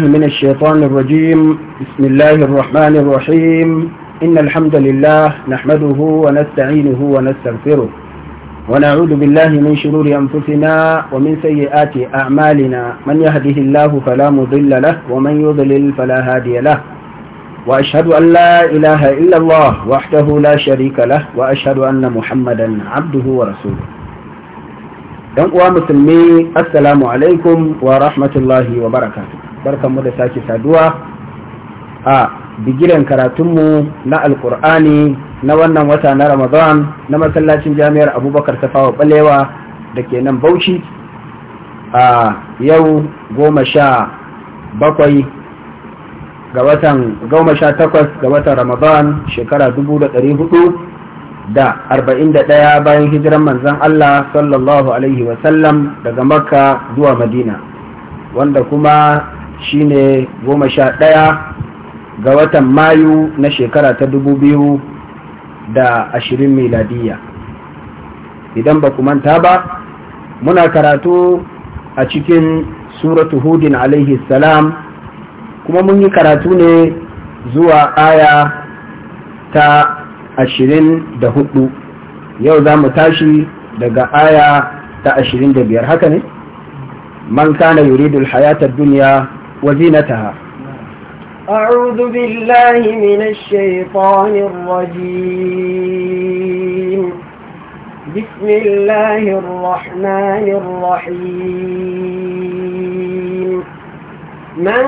من الشيطان الرجيم بسم الله الرحمن الرحيم إن الحمد لله نحمده ونستعينه ونستغفره ونعوذ بالله من شرور أنفسنا ومن سيئات أعمالنا من يهده الله فلا مضل له ومن يضلل فلا هادي له وأشهد أن لا إله إلا الله وحده لا شريك له وأشهد أن محمدا عبده ورسوله ‘yan uwa musulmi assalamu alaikum wa rahmatullahi wa barakatuh barkanmu da sake saduwa a bigiren karatunmu na alkur'ani na wannan wata na ramadan na masallacin jami'ar abubakar tafawa balewa da ke nan bauchi a yau goma sha bakwai ga watan goma sha takwas ga watan ramadan shekara dubu da dari hudu da arba'in da ɗaya bayan hijiran manzan Allah sallallahu alaihi wasallam daga makka zuwa madina wanda kuma shine goma sha ɗaya ga watan mayu na shekara ta dubu biyu da ashirin miladiya idan ba ku manta ba muna karatu a cikin suratu hudin alaihi salam kuma mun yi karatu ne zuwa aya ta ashirin da hudu yau za mu tashi daga aya ta ashirin da biyar haka ne man kana yuridul hayatar duniya وزينتها أعوذ بالله من الشيطان الرجيم بسم الله الرحمن الرحيم من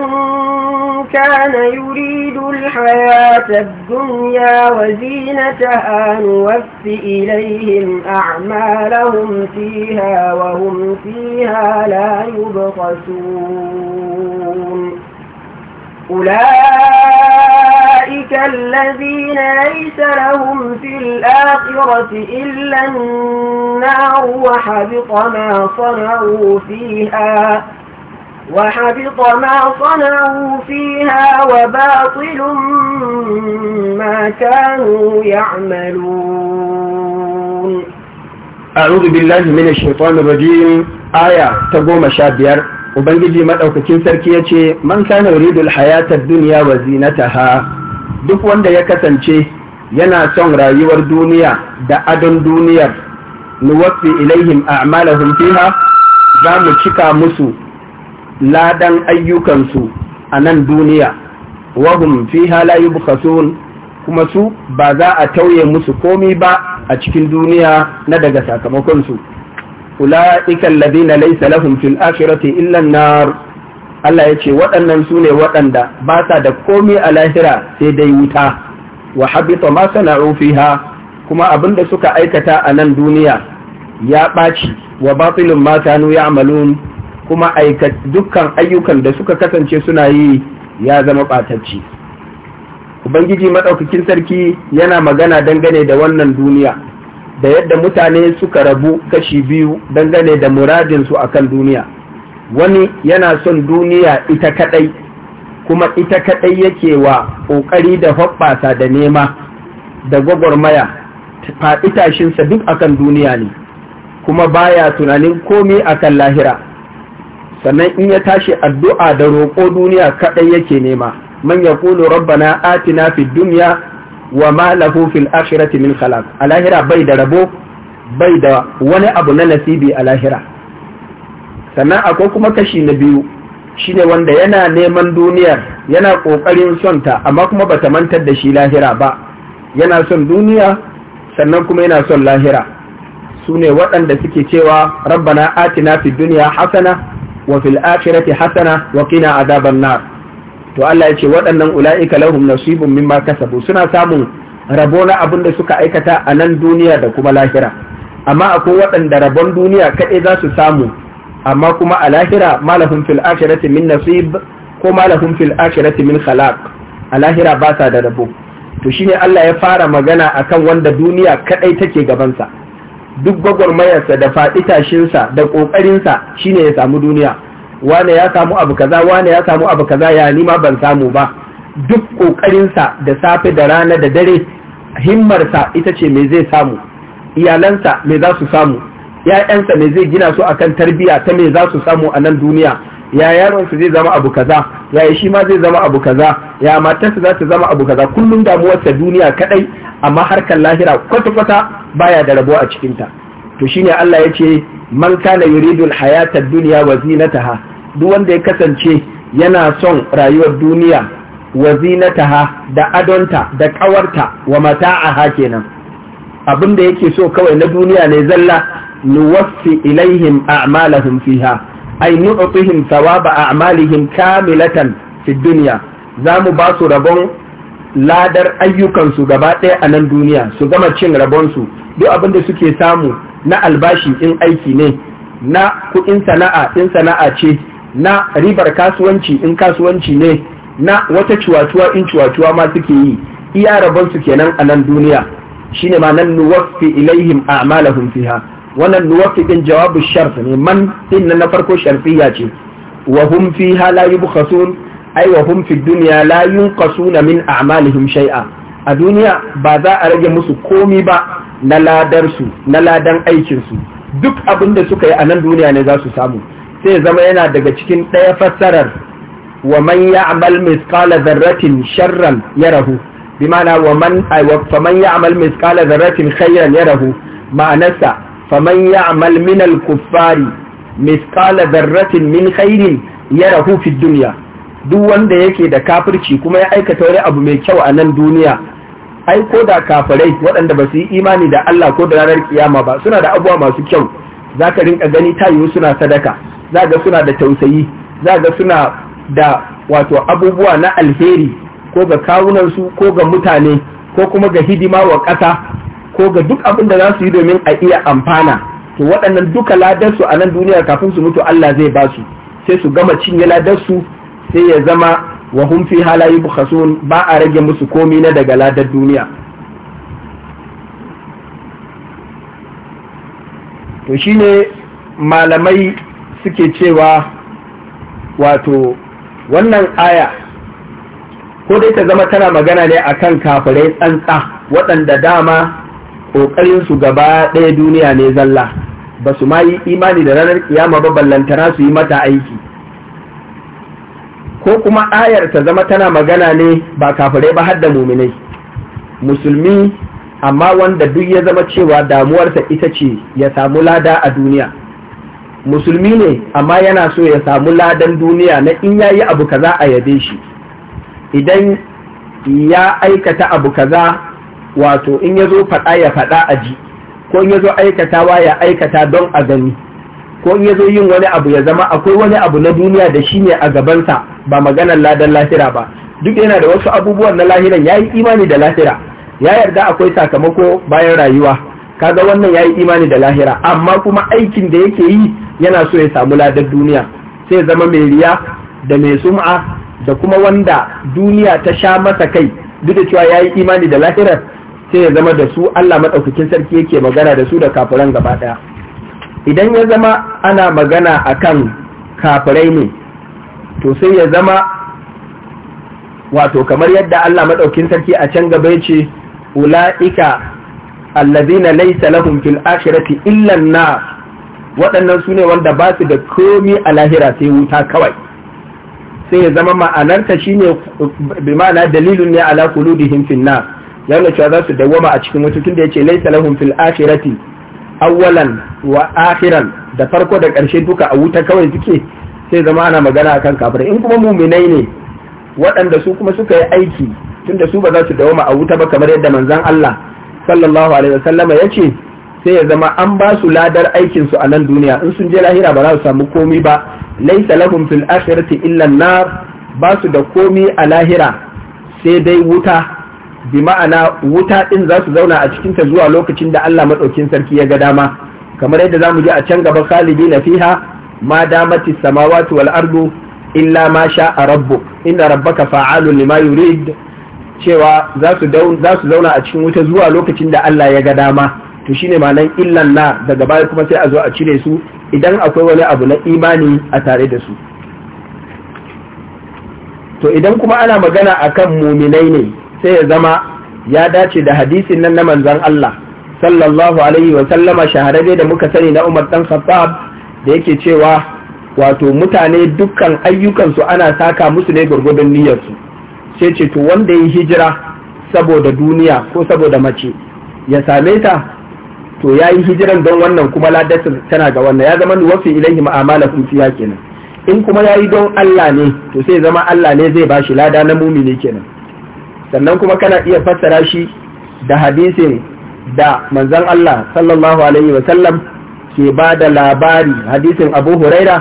كان يريد الحياة الدنيا وزينتها نوف إليهم أعمالهم فيها وهم فيها لا يبخسون أولئك الذين ليس لهم في الآخرة إلا النار وحبط ما صنعوا فيها وحبط ما صنعوا فيها وباطل ما كانوا يعملون أعوذ بالله من الشيطان الرجيم آية تقوم شابير وبنجي مرأة وكتين سركية من كان يريد الحياة الدنيا وزينتها duk wanda ya kasance yana son rayuwar duniya da adon duniyar nuwafi ilaihim a'malahum fiha za mu cika musu ladan ayyukansu a nan duniya wahum fiha la yubkhasun kuma su ba za a tauye musu komi ba a cikin duniya na daga sakamakonsu. su ikan alladhina laysa lahum fil akhirati illa an-nar Allah yace waɗannan su ne waɗanda ba sa da komi a lahira sai dai wuta wa habita ma sana'u fiha kuma abinda suka aikata a nan duniya ya ɓaci wa batilun ma kanu ya'malun kuma dukkan ayyukan da suka kasance suna yi ya zama ɓatacci ubangiji maɗaukakin sarki yana magana dangane da wannan duniya da yadda mutane suka rabu kashi biyu dangane da muradinsu a kan duniya wani yana son duniya ita kaɗai kuma ita kaɗai yake wa ƙoƙari da hoɓɓasa da nema da gwagwarmaya faɗi tashinsa duk akan duniya ne kuma baya tunanin komi akan lahira sannan in ya tashi addu'a da roƙo duniya kaɗai yake nema man ya na rabbana atina fi duniya wa ma lahu fil akhirati min khalaq a lahira bai da rabo bai da wani abu na nasibi a lahira sannan akwai kuma kashi na biyu shine wanda yana neman duniyar yana ƙoƙarin son ta amma kuma ta mantar da shi lahira ba yana son duniya sannan kuma yana son lahira su ne waɗanda suke cewa rabbana atina fi duniya hasana wa fil akhirati hasana wa qina adaban nar to Allah ya ce waɗannan ula'ika lahum nasibun mimma kasabu suna samun rabo na abin da suka aikata a nan duniya da kuma lahira amma akwai waɗanda rabon duniya kaɗai za su samu amma kuma a lahira malahum fil akhirati min nasib ko malahum fil akhirati min khalaq a lahira ba sa da rabo to shine Allah ya fara magana akan wanda duniya kaɗai take gabansa duk gwagwarmayarsa da faɗi tashinsa da ƙoƙarinsa shine ya samu duniya wane ya samu abu kaza wane ya samu abu kaza ya nima ban samu ba duk ƙoƙarinsa da safe da rana da dare himmarsa ita ce me zai samu iyalansa me za su samu ‘ya'yansa me zai gina su akan tarbiyya ta me za su samu a nan duniya ya yaron su zai zama abu kaza ya shi ma zai zama abu kaza ya matarsa za ta zama abu kaza kullum damuwarsa duniya kadai amma harkar lahira kwata-kwata baya da rabo a cikin ta to shine Allah ya ce man kana yuridul hayata dunya wa zinataha duk wanda ya kasance yana son rayuwar duniya wa zinataha da adonta da kawarta wa mata'aha kenan abin da yake so kawai na duniya ne zalla nuwaffi ilaihim a'malahum fiha ay nu'tihim thawaba a'malihim kamilatan fi dunya zamu ba su rabon ladar ayyukansu gaba ɗaya a nan duniya su gama cin rabon su duk abin da suke samu na albashi in aiki ne na kuɗin sana'a in sana'a ce na ribar kasuwanci in kasuwanci ne na wata cuwatuwa in cuwatuwa ma suke yi iya rabonsu kenan a nan duniya shine ma nan nuwaffi ilaihim a'malahum fiha wannan nuwafi ɗin jawabu sharf ne man din na farko sharfiya ce wa hum fiha la yubkhasun ay wa hum fi dunya la yunqasuna min a'malihim shay'a a duniya ba za a rage musu komi ba na ladar na ladan aikinsu. duk abin da suka yi a nan duniya ne za su samu sai zama yana daga cikin ɗaya fassarar wa man ya'mal mithqala dharratin sharran yarahu ma'ana wa man ay wa man ya'mal mithqala dharratin khayran yarahu ma'anarsa faman ya'mal min al-kuffari mithqala dharratin min khairin yarahu fid duniya. duk wanda yake da kafirci kuma ya aikata wani abu mai kyau a nan duniya ai ko da kafirai waɗanda ba su yi imani da Allah ko da ranar kiyama ba suna da abubuwa masu kyau za ka rinka gani ta yiwu suna sadaka za ga suna da tausayi za ga suna da wato abubuwa na alheri ko ga kawunansu ko ga mutane ko kuma ga hidima wa ƙasa ko ga duk abin da za su yi domin a iya amfana to waɗannan duka ladarsu a nan duniya kafin su mutu Allah zai ba su sai su gama cinye ladarsu sai ya zama wa hum fi halayi bukhasun ba a rage musu komi na daga ladar duniya to shine malamai suke cewa wato wannan aya ko dai ta zama tana magana ne akan kafirai tsantsa waɗanda dama kokarin su gaba ɗaya duniya ne zalla ba su ma yi imani da ranar kiyama ba ballantana su yi mata aiki ko kuma ayar ta zama tana magana ne ba kafirai ba har da muminai musulmi amma wanda duk ya zama cewa damuwarsa ita ce ya samu lada a duniya musulmi ne amma yana so ya samu ladan duniya na in yayi abu kaza a yabe shi idan ya aikata abu kaza wato in ya zo faɗa ya faɗa a ji ko in ya zo aikatawa ya aikata don a gani ko in ya zo yin wani abu ya zama akwai wani abu na duniya da shi ne a gabansa ba maganar ladan lahira ba duk yana da wasu abubuwan na lahiran ya yi imani da lahira ya yarda akwai sakamako bayan rayuwa kaga wannan ya yi imani da lahira amma kuma aikin da yake yi yana so ya samu ladan duniya sai zama mai riya da mai sum'a da kuma wanda duniya ta sha masa kai duk da cewa ya yi imani da lahirar sai ya zama da su Allah maɗaukakin sarki yake magana da su da kafiran gaba ɗaya idan ya zama ana magana akan kafirai ne to sai ya zama wato kamar yadda Allah maɗaukin sarki a can gaba ya ce ula'ika allazina laisa lahum fil akhirati illa an-nar waɗannan su ne wanda ba su da komi a lahira sai wuta kawai sai ya zama ma'anarta shine bi ma'ana dalilun ne ala da fin nar yana cewa za su dawwama a cikin wuta tunda ya laisa lahum fil akhirati awwalan wa akhiran da farko da karshe duka a wuta kawai suke sai zama ana magana akan kafirai in kuma muminai ne waɗanda su kuma suka yi aiki tunda su ba za su dawwama a wuta ba kamar yadda manzon Allah sallallahu alaihi wasallam ya ce sai ya zama an ba su ladar aikin su a nan duniya in sun je lahira ba za su samu komi ba laisa lahum fil akhirati illa nar ba su da komi a lahira sai dai wuta bi ma'ana wuta ɗin za su zauna a cikinta zuwa lokacin da Allah madaukin sarki ya ga dama kamar yadda za mu ji a can gaba na fiha ma damati samawati wal ardu illa ma sha'a rabbuk inna rabbaka fa'alun lima yurid cewa za su zauna a cikin wuta zuwa lokacin da Allah ya ga dama to shine ma'anar illan na daga baya kuma sai a zo a cire su idan akwai wani abu na imani a tare da su to idan kuma ana magana akan muminai ne sai ya zama ya dace da hadisin nan na manzan Allah sallallahu alaihi wa sallama shahararre da muka sani na Umar dan Khattab da yake cewa wato mutane dukkan ayyukansu ana saka musu ne gwargwadon niyyarsu sai ce to wanda yi hijira saboda duniya ko saboda mace ya same ta to ya yi hijiran don wannan kuma ladatar tana ga wannan ya zama ni wasu ilaihi ma'amala fiya kenan in kuma ya yi don Allah ne to sai zama Allah ne zai ba shi lada na mumini kenan sannan kuma kana iya fassara shi da hadisin da manzon Allah sallallahu alaihi wasallam ke ba da labari hadisin Abu Huraira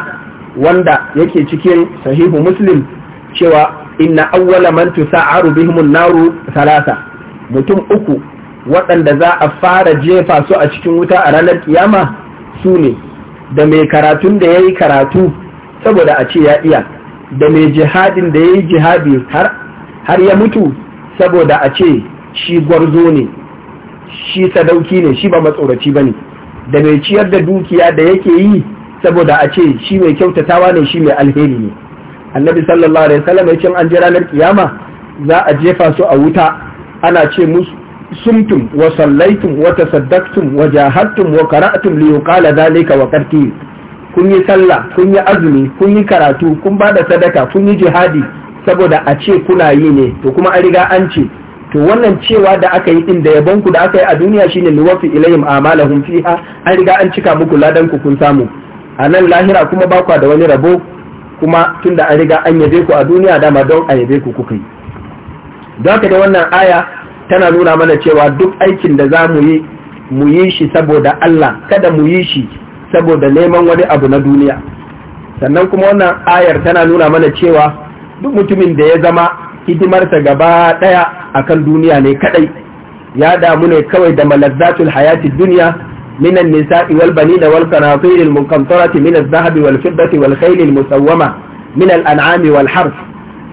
wanda yake cikin sahihu Muslim cewa inna awwala man tusa'aru bihimun naru salasa mutum uku waɗanda za a fara jefa su a cikin wuta a ranar kiyama su ne da mai karatun da ya yi karatu saboda a ce ya iya da mai jihadin da ya yi jihadi har ya mutu saboda a ce shi gwarzo ne shi sadauki ne shi ba matsoraci ba ne da mai ciyar da dukiya da yake yi saboda a ce shi mai kyautatawa ne shi mai alheri ne annabi sallallahu alaihi wasallam ya ce an jira ranar kiyama za a jefa su a wuta ana ce musu sumtum wa sallaitum wa tasaddaqtum wa jahadtum wa qara'tum li yuqala dhalika wa kun yi sallah kun yi azumi kun yi karatu kun bada sadaka kun yi jihadi saboda a ce kuna yi ne to kuma an riga an ce to wannan cewa da aka yi din da yabon ku da aka yi a duniya shine nuwafi ilayhim amalahum fiha an riga an cika muku ladan ku kun samu a nan lahira kuma ba da wani rabo kuma tunda an riga an yabe ku a duniya dama don a yabe ku kuka yi don haka da wannan aya tana nuna mana cewa duk aikin da za mu yi mu yi shi saboda Allah kada mu yi shi saboda neman wani abu na duniya sannan kuma wannan ayar tana nuna mana cewa duk mutumin da ya zama hidimarsa gaba ɗaya kan duniya ne kadai ya damu ne kawai da malazzatul hayati duniya minan wal من النساء والبنين والقناطير wal من الذهب والفضة min al an'ami wal harf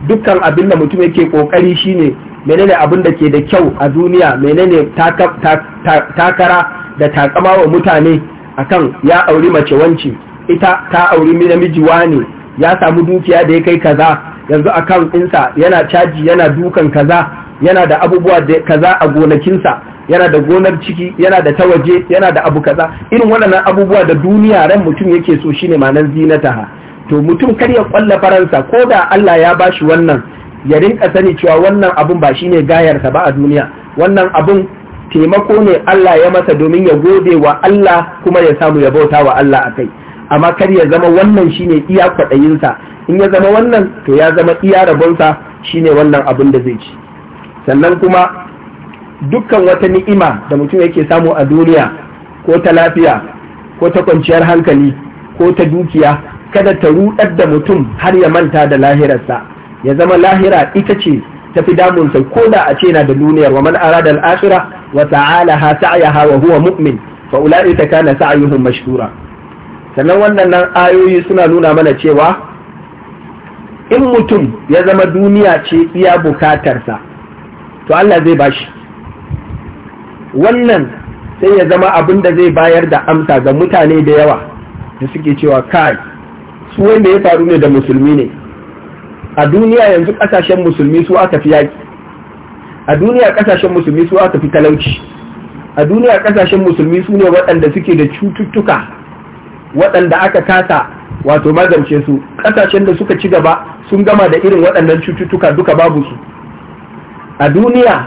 dukkan abinda mutum yake kokari shine menene abin da ke da kyau a duniya menene takara da takama wa mutane akan ya auri mace wance ita ta auri namiji wane ya samu dukiya da ya kai kaza yanzu account ɗinsa yana caji yana dukan kaza yana da abubuwa da kaza a gonakinsa yana da gonar ciki yana da ta waje yana da abu kaza irin waɗannan abubuwa da duniya ran mutum yake so shine ma'anar zinataha to mutum kar ya kwalla faransa ko da Allah ya bashi wannan ya rinka sani cewa wannan abun ba shine gayarsa ba a duniya wannan abun taimako ne Allah ya masa domin ya gode wa Allah kuma ya samu ya bauta wa Allah akai amma kar ya zama wannan shine iya kwaɗayinsa in ya zama wannan to ya zama iya rabonsa shine wannan abin da zai ci sannan kuma dukkan wata ni'ima da mutum yake samu a duniya ko ta lafiya ko ta kwanciyar hankali ko ta dukiya kada ta rudar da mutum har ya manta da lahirarsa ya zama lahira ita ce tafi damunsa ko da a ce na da duniyar wa man arada al-akhirah wa ta'ala ha sa'yaha wa huwa mu'min fa ulaika kana sa'yuhum mashkura sannan wannan nan, ayoyi suna nuna mana cewa in mutum ya zama duniya ce iya bukatarsa to Allah zai bashi wannan sai ya zama abin da zai bayar da amsa ga mutane da yawa da suke cewa kai su wanda ya faru ne da musulmi ne a duniya yanzu kasashen musulmi su aka fi yaki a duniya kasashen musulmi su aka fi talauci a duniya kasashen musulmi su ne waɗanda suke da cututtuka waɗanda aka kasa wato magance su ƙasashen da suka ci gaba sun gama da irin waɗannan cututtuka duka babu su a duniya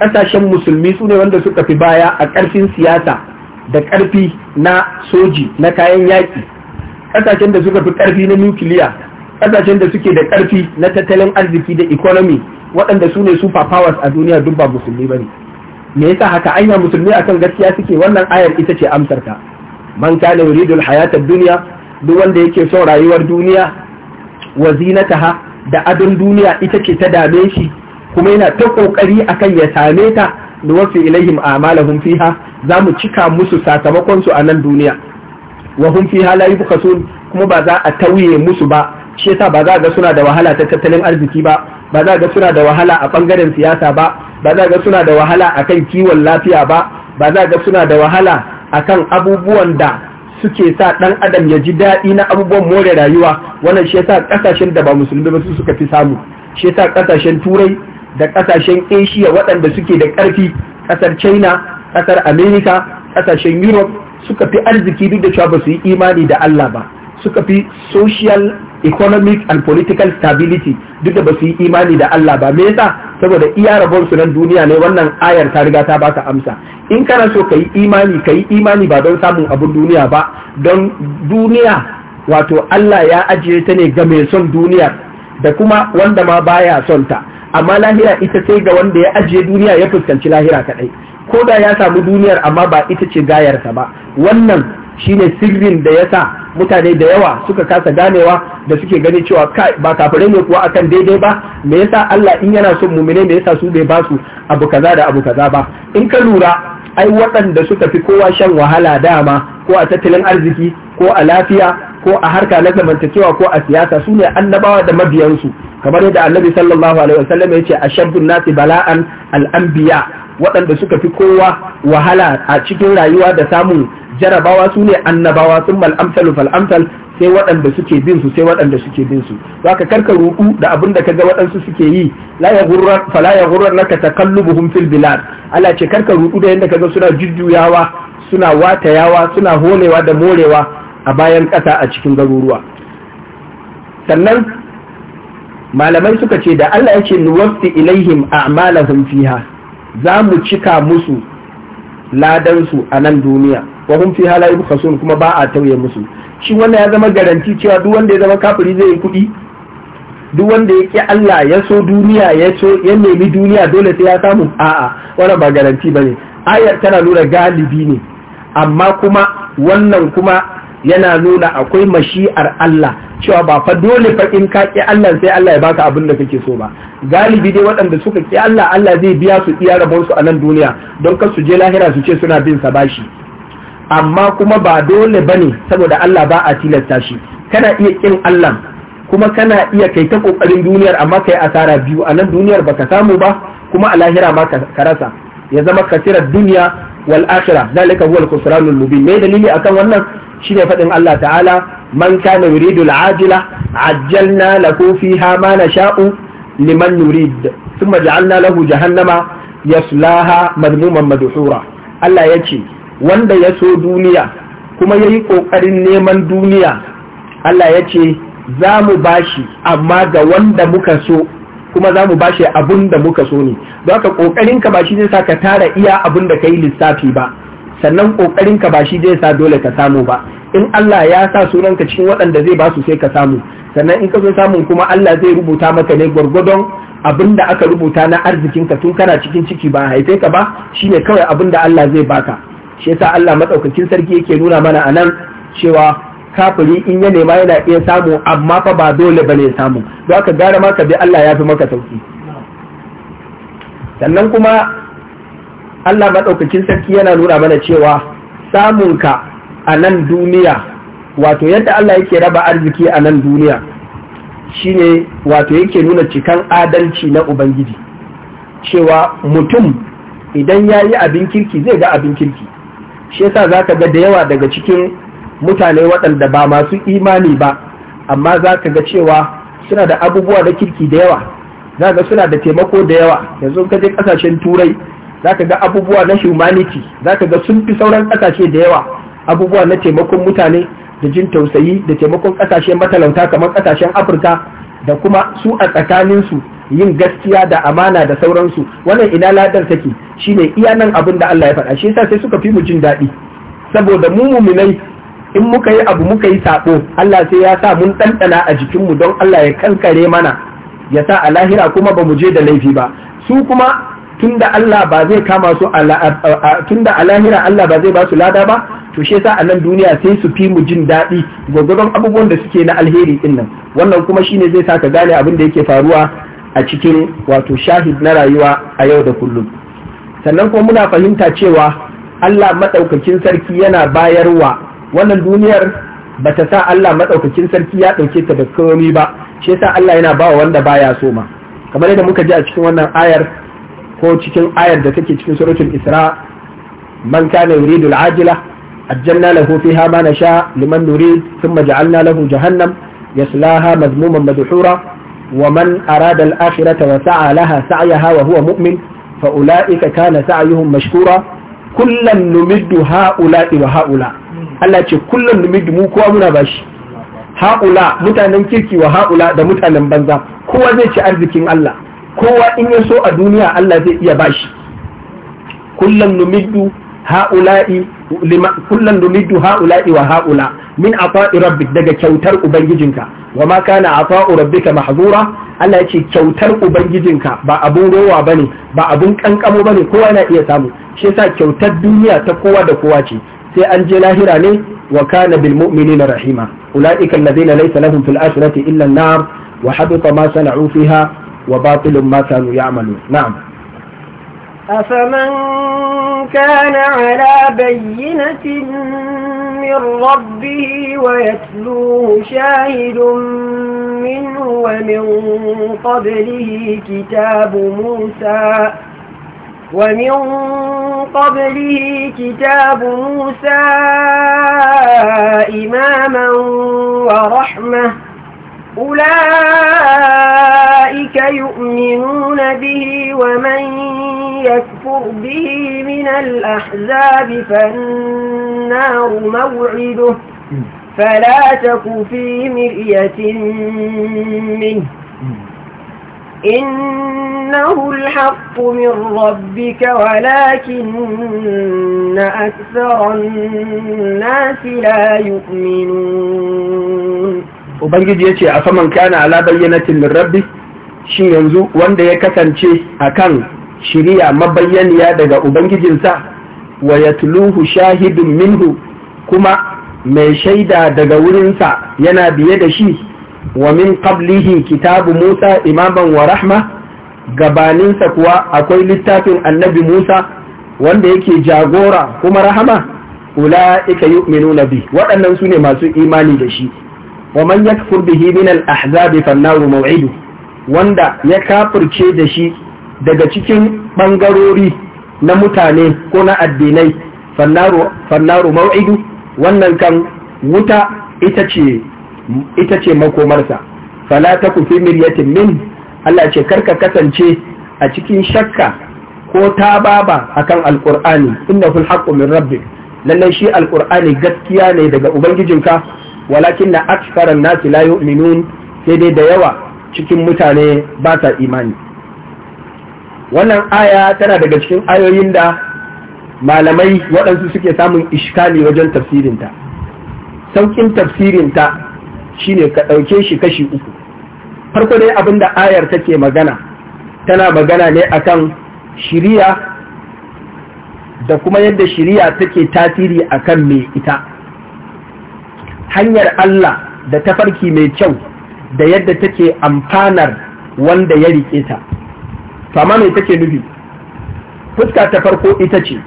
ƙasashen musulmi su ne wanda suka fi baya a ƙarfin siyasa da ƙarfi na soji na kayan yaƙi ƙasashen da suka fi ƙarfi na nukiliya ƙasashen da suke da ƙarfi na tattalin arziki da economy waɗanda su ne super powers a duniya duk ba musulmi ba ne me yasa haka anya musulmi akan gaskiya suke wannan ayar ita ce amsarta man kana yuridul hayata dunya duk wanda yake son rayuwar duniya wa zinataha da adon duniya ita ce ta dame shi kuma yana ta kokari akan ya same ta da wasu ilaihim amalahum fiha za mu cika musu sakamakon su a nan duniya wa hum fiha la yubkhasun kuma ba za a tauye musu ba shi yasa ba za ga suna da wahala ta tattalin arziki ba ba za ga suna da wahala a bangaren siyasa ba ba za ga suna da wahala akan kiwon lafiya ba ba za ga suna da wahala akan abubuwan da suke sa ɗan adam ya ji daɗi na abubuwan more rayuwa wannan shi yasa ƙasashen da ba musulmi ba su suka fi samu shi yasa ƙasashen turai da ƙasashen asia waɗanda suke da ƙarfi ƙasar china ƙasar america ƙasashen europe suka fi arziki duk da cewa ba su yi imani da allah ba suka fi social economic and political stability duk da ba su yi imani da allah ba me yasa saboda iya rabon su nan duniya ne wannan ayar ta riga ta baka amsa in kana so ka yi imani ka yi imani ba don samun abun duniya ba don duniya wato Allah ya ajiye ta ne ga mai son duniyar da kuma wanda ma baya son ta amma lahira ita sai ga wanda ya ajiye duniya ya fuskanci lahira kadai ko da ya samu duniyar amma ba ita ce gayarsa ba wannan Shi ne sirrin da ya sa mutane da yawa suka kasa ganewa da suke gani cewa ba kafirai ne kuwa akan daidai ba me yasa Allah in yana son mumine me yasa su bai basu abu kaza da abu kaza ba in ka lura ai waɗanda suka fi kowa shan wahala dama ko a tattalin arziki ko a lafiya ko a harka na zamantakewa ko a siyasa su ne annabawa da mabiyansu kamar yadda annabi sallallahu alaihi wasallam ya ce ashabbun nasi bala'an al waɗanda suka fi kowa wahala a cikin rayuwa da samun jarabawa su ne annabawa sun mal'amsalu fal'amsal sai waɗanda suke bin su sai waɗanda suke bin su za ka karka ruɗu da abin da kaga waɗansu suke yi la ya gurrar fala ya gurrar fil bilad Allah ce karka ruɗu da yanda kaga suna jujjuyawa suna watayawa suna holewa da morewa a bayan ƙasa a cikin garuruwa sannan malamai suka ce da Allah ya ce ilaihim a'malahum fiha za mu cika musu ladansu a nan duniya wa fi fiha la yubkhasun kuma ba a tauye musu shi wannan ya zama garanti cewa duk wanda ya zama kafiri zai yi kuɗi duk wanda ya ki Allah ya so duniya ya so ya nemi duniya dole sai ya samu a'a wannan ba garanti bane ayar tana nuna galibi ne amma kuma wannan kuma yana nuna akwai mashi'ar Allah cewa ba fa dole fa in ka ki Allah sai Allah ya baka abin da kake so ba galibi dai waɗanda suka ki Allah Allah zai biya su iya rabon su a nan duniya don kar su je lahira su ce suna bin sa bashi amma kuma ba dole bane saboda Allah ba a tilasta shi kana iya kin Allah kuma kana iya kai ta kokarin duniyar amma kai asara biyu a nan duniyar baka samu ba kuma a lahira ma ka rasa ya zama kasirar duniya wal akhirah zalika huwa al-khusranul mubin me dalili akan wannan shine fadin Allah ta'ala man kana yuridu al-ajila ajjalna lahu fiha ma nasha'u liman nurid thumma ja'alna lahu jahannama yaslaha madmuman madhura Allah yace wanda ya so duniya kuma yayi kokarin neman duniya Allah yace za mu bashi amma ga wanda muka so kuma za mu bashi abin da muka so ne don ƙoƙarinka ba shi zai sa ka tara iya abun da ka yi lissafi ba sannan kokarin ka ba shi zai sa dole ka samu ba in Allah ya sa sunanka cikin waɗanda zai ba su sai ka samu sannan in ka so samun kuma Allah zai rubuta maka ne gwargwadon abin da aka rubuta na arzikin ka tun kana cikin ciki ba haife ka ba shine kawai abin da Allah zai baka shi yasa Allah madaukakin sarki yake nuna mana anan cewa kafiri in ya nema yana iya samu amma fa ba dole bane ne samu don aka gara maka bi Allah ya fi maka sauki sannan kuma Allah maɗaukakin sarki yana nuna mana cewa samunka a nan duniya wato yadda Allah yake raba arziki a nan duniya shine wato yake nuna cikan adalci na Ubangiji cewa mutum idan ya yi abin kirki zai ga abin kirki shi yasa za ka ga da yawa daga cikin mutane waɗanda ba masu imani ba amma za ka ga cewa suna da abubuwa da kirki da yawa za ga suna da taimako da yawa yanzu ka je ƙasashen turai za ka ga abubuwa na humanity za ka ga sun fi sauran ƙasashe da yawa abubuwa na taimakon mutane da jin tausayi da taimakon ƙasashe matalauta kamar ƙasashen afirka da kuma su a tsakaninsu yin gaskiya da amana da sauransu wannan ina ladar take shine iya nan abin da Allah ya faɗa shi yasa sai suka fi mu jin daɗi saboda mu muminai in muka yi abu muka yi sabo Allah sai ya sa mun ɗanɗana a jikinmu don Allah ya kankare mana ya sa a lahira kuma ba mu je da laifi ba su kuma tunda Allah ba zai kama su tunda a lahira Allah ba zai ba su lada ba to shi yasa a nan duniya sai su fi mu jin daɗi gwagwadon abubuwan da suke na alheri din nan wannan kuma shine zai sa ka gane abin da yake faruwa a cikin wato shahid na rayuwa a yau da kullum sannan kuma muna fahimta cewa Allah madaukakin sarki yana bayarwa wannan duniyar ba ta sa Allah madaukakin sarki ya ɗauke ta da komai ba shi yasa Allah yana bawa wanda baya so ma kamar yadda muka ji a cikin wannan ayar ko cikin ayar da take cikin suratul isra man kana yuridu al-ajila ajjalna lahu fiha ma nasha liman nurid thumma ja'alna lahu jahannam yaslaha madmuman madhura wa man arada al-akhirata wa sa'a laha sa'yaha wa huwa mu'min fa ulaika kana sa'yuhum mashkura kullan numiddu ha'ula'i wa ha'ula Allah ce kullan numiddu mu kowa muna bashi ha'ula mutanen kirki wa ha'ula da mutanen banza kowa zai ci arzikin Allah kowa in ya so a duniya Allah zai iya bashi kullum numiddu ha'ula'i kullum numiddu ha'ula'i wa ha'ula min ata'i rabbik daga kyautar ubangijinka wa ma kana ata'u rabbika mahzura Allah ya ce kyautar ubangijinka ba abun rowa bane ba abun kankamo bane kowa na iya samu shi yasa kyautar duniya ta kowa da kowa ce sai an je lahira ne wa kana bil mu'minina rahima ulaika alladhina laysa lahum fil akhirati illa an-nar wa habita ma sana'u fiha وباطل ما كانوا يعملون نعم أفمن كان على بينة من ربه ويتلوه شاهد منه ومن قبله كتاب موسى ومن قبله كتاب موسى إماما ورحمة أولئك يؤمنون به ومن يكفر به من الأحزاب فالنار موعده فلا تك في مرية منه إنه الحق من ربك ولكن أكثر الناس لا يؤمنون ubangiji ya ce a saman kana ala bayyanatin min rabbi shin yanzu wanda ya kasance a kan shiriya mabayyaniya daga ubangijinsa wa tuluhu shahidun minhu kuma mai shaida daga wurinsa yana biye da shi wa min qablihi kitabu Musa imaman wa rahma gabaninsa kuwa akwai littafin annabi Musa wanda yake jagora kuma rahama ula'ika yu'minuna bi waɗannan su ne masu imani da shi wa man yakfur bihi min al-ahzab fa maw'idu wanda ya kafirce da shi daga cikin bangarori na mutane ko na addinai fannaru mau'idu wannan kan wuta ita ce makomarsa fala Taku kufi miryatin min Allah ce karka kasance a cikin shakka ko ta baba akan alkur'ani Inna ful haqqu min rabbik lallai shi alkur'ani gaskiya ne daga ubangijinka walakin na aksaran nasi la yu'minun sai dai da yawa cikin mutane ba sa imani wannan aya tana daga cikin ayoyin da malamai waɗansu suke samun ishkali wajen tafsirinta Saukin tafsirinta shine ka ɗauke shi kashi uku farko dai abin da ayar take magana tana magana ne akan shiriya da kuma yadda shiriya take tasiri akan mai ita hanyar Allah da tafarki mai kyau da yadda take amfanar wanda ya riƙe ta fama mai take nufi fuska ta farko ita ce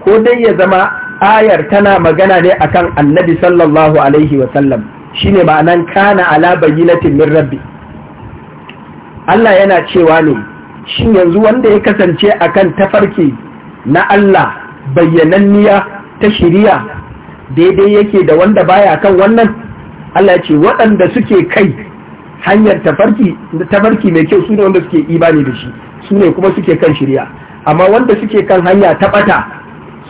ko dai ya zama ayar tana magana ne akan annabi sallallahu alaihi wasallam shine ma'anan kana ala bayyinatin min rabbi Allah yana cewa ne shin yanzu wanda ya kasance akan tafarki na Allah bayyananniya ta shiriya daidai yake da wanda baya kan wannan Allah ya ce waɗanda suke kai hanyar tafarki mai kyau su ne wanda suke imani da shi su ne kuma suke kan shirya amma wanda suke kan hanya ta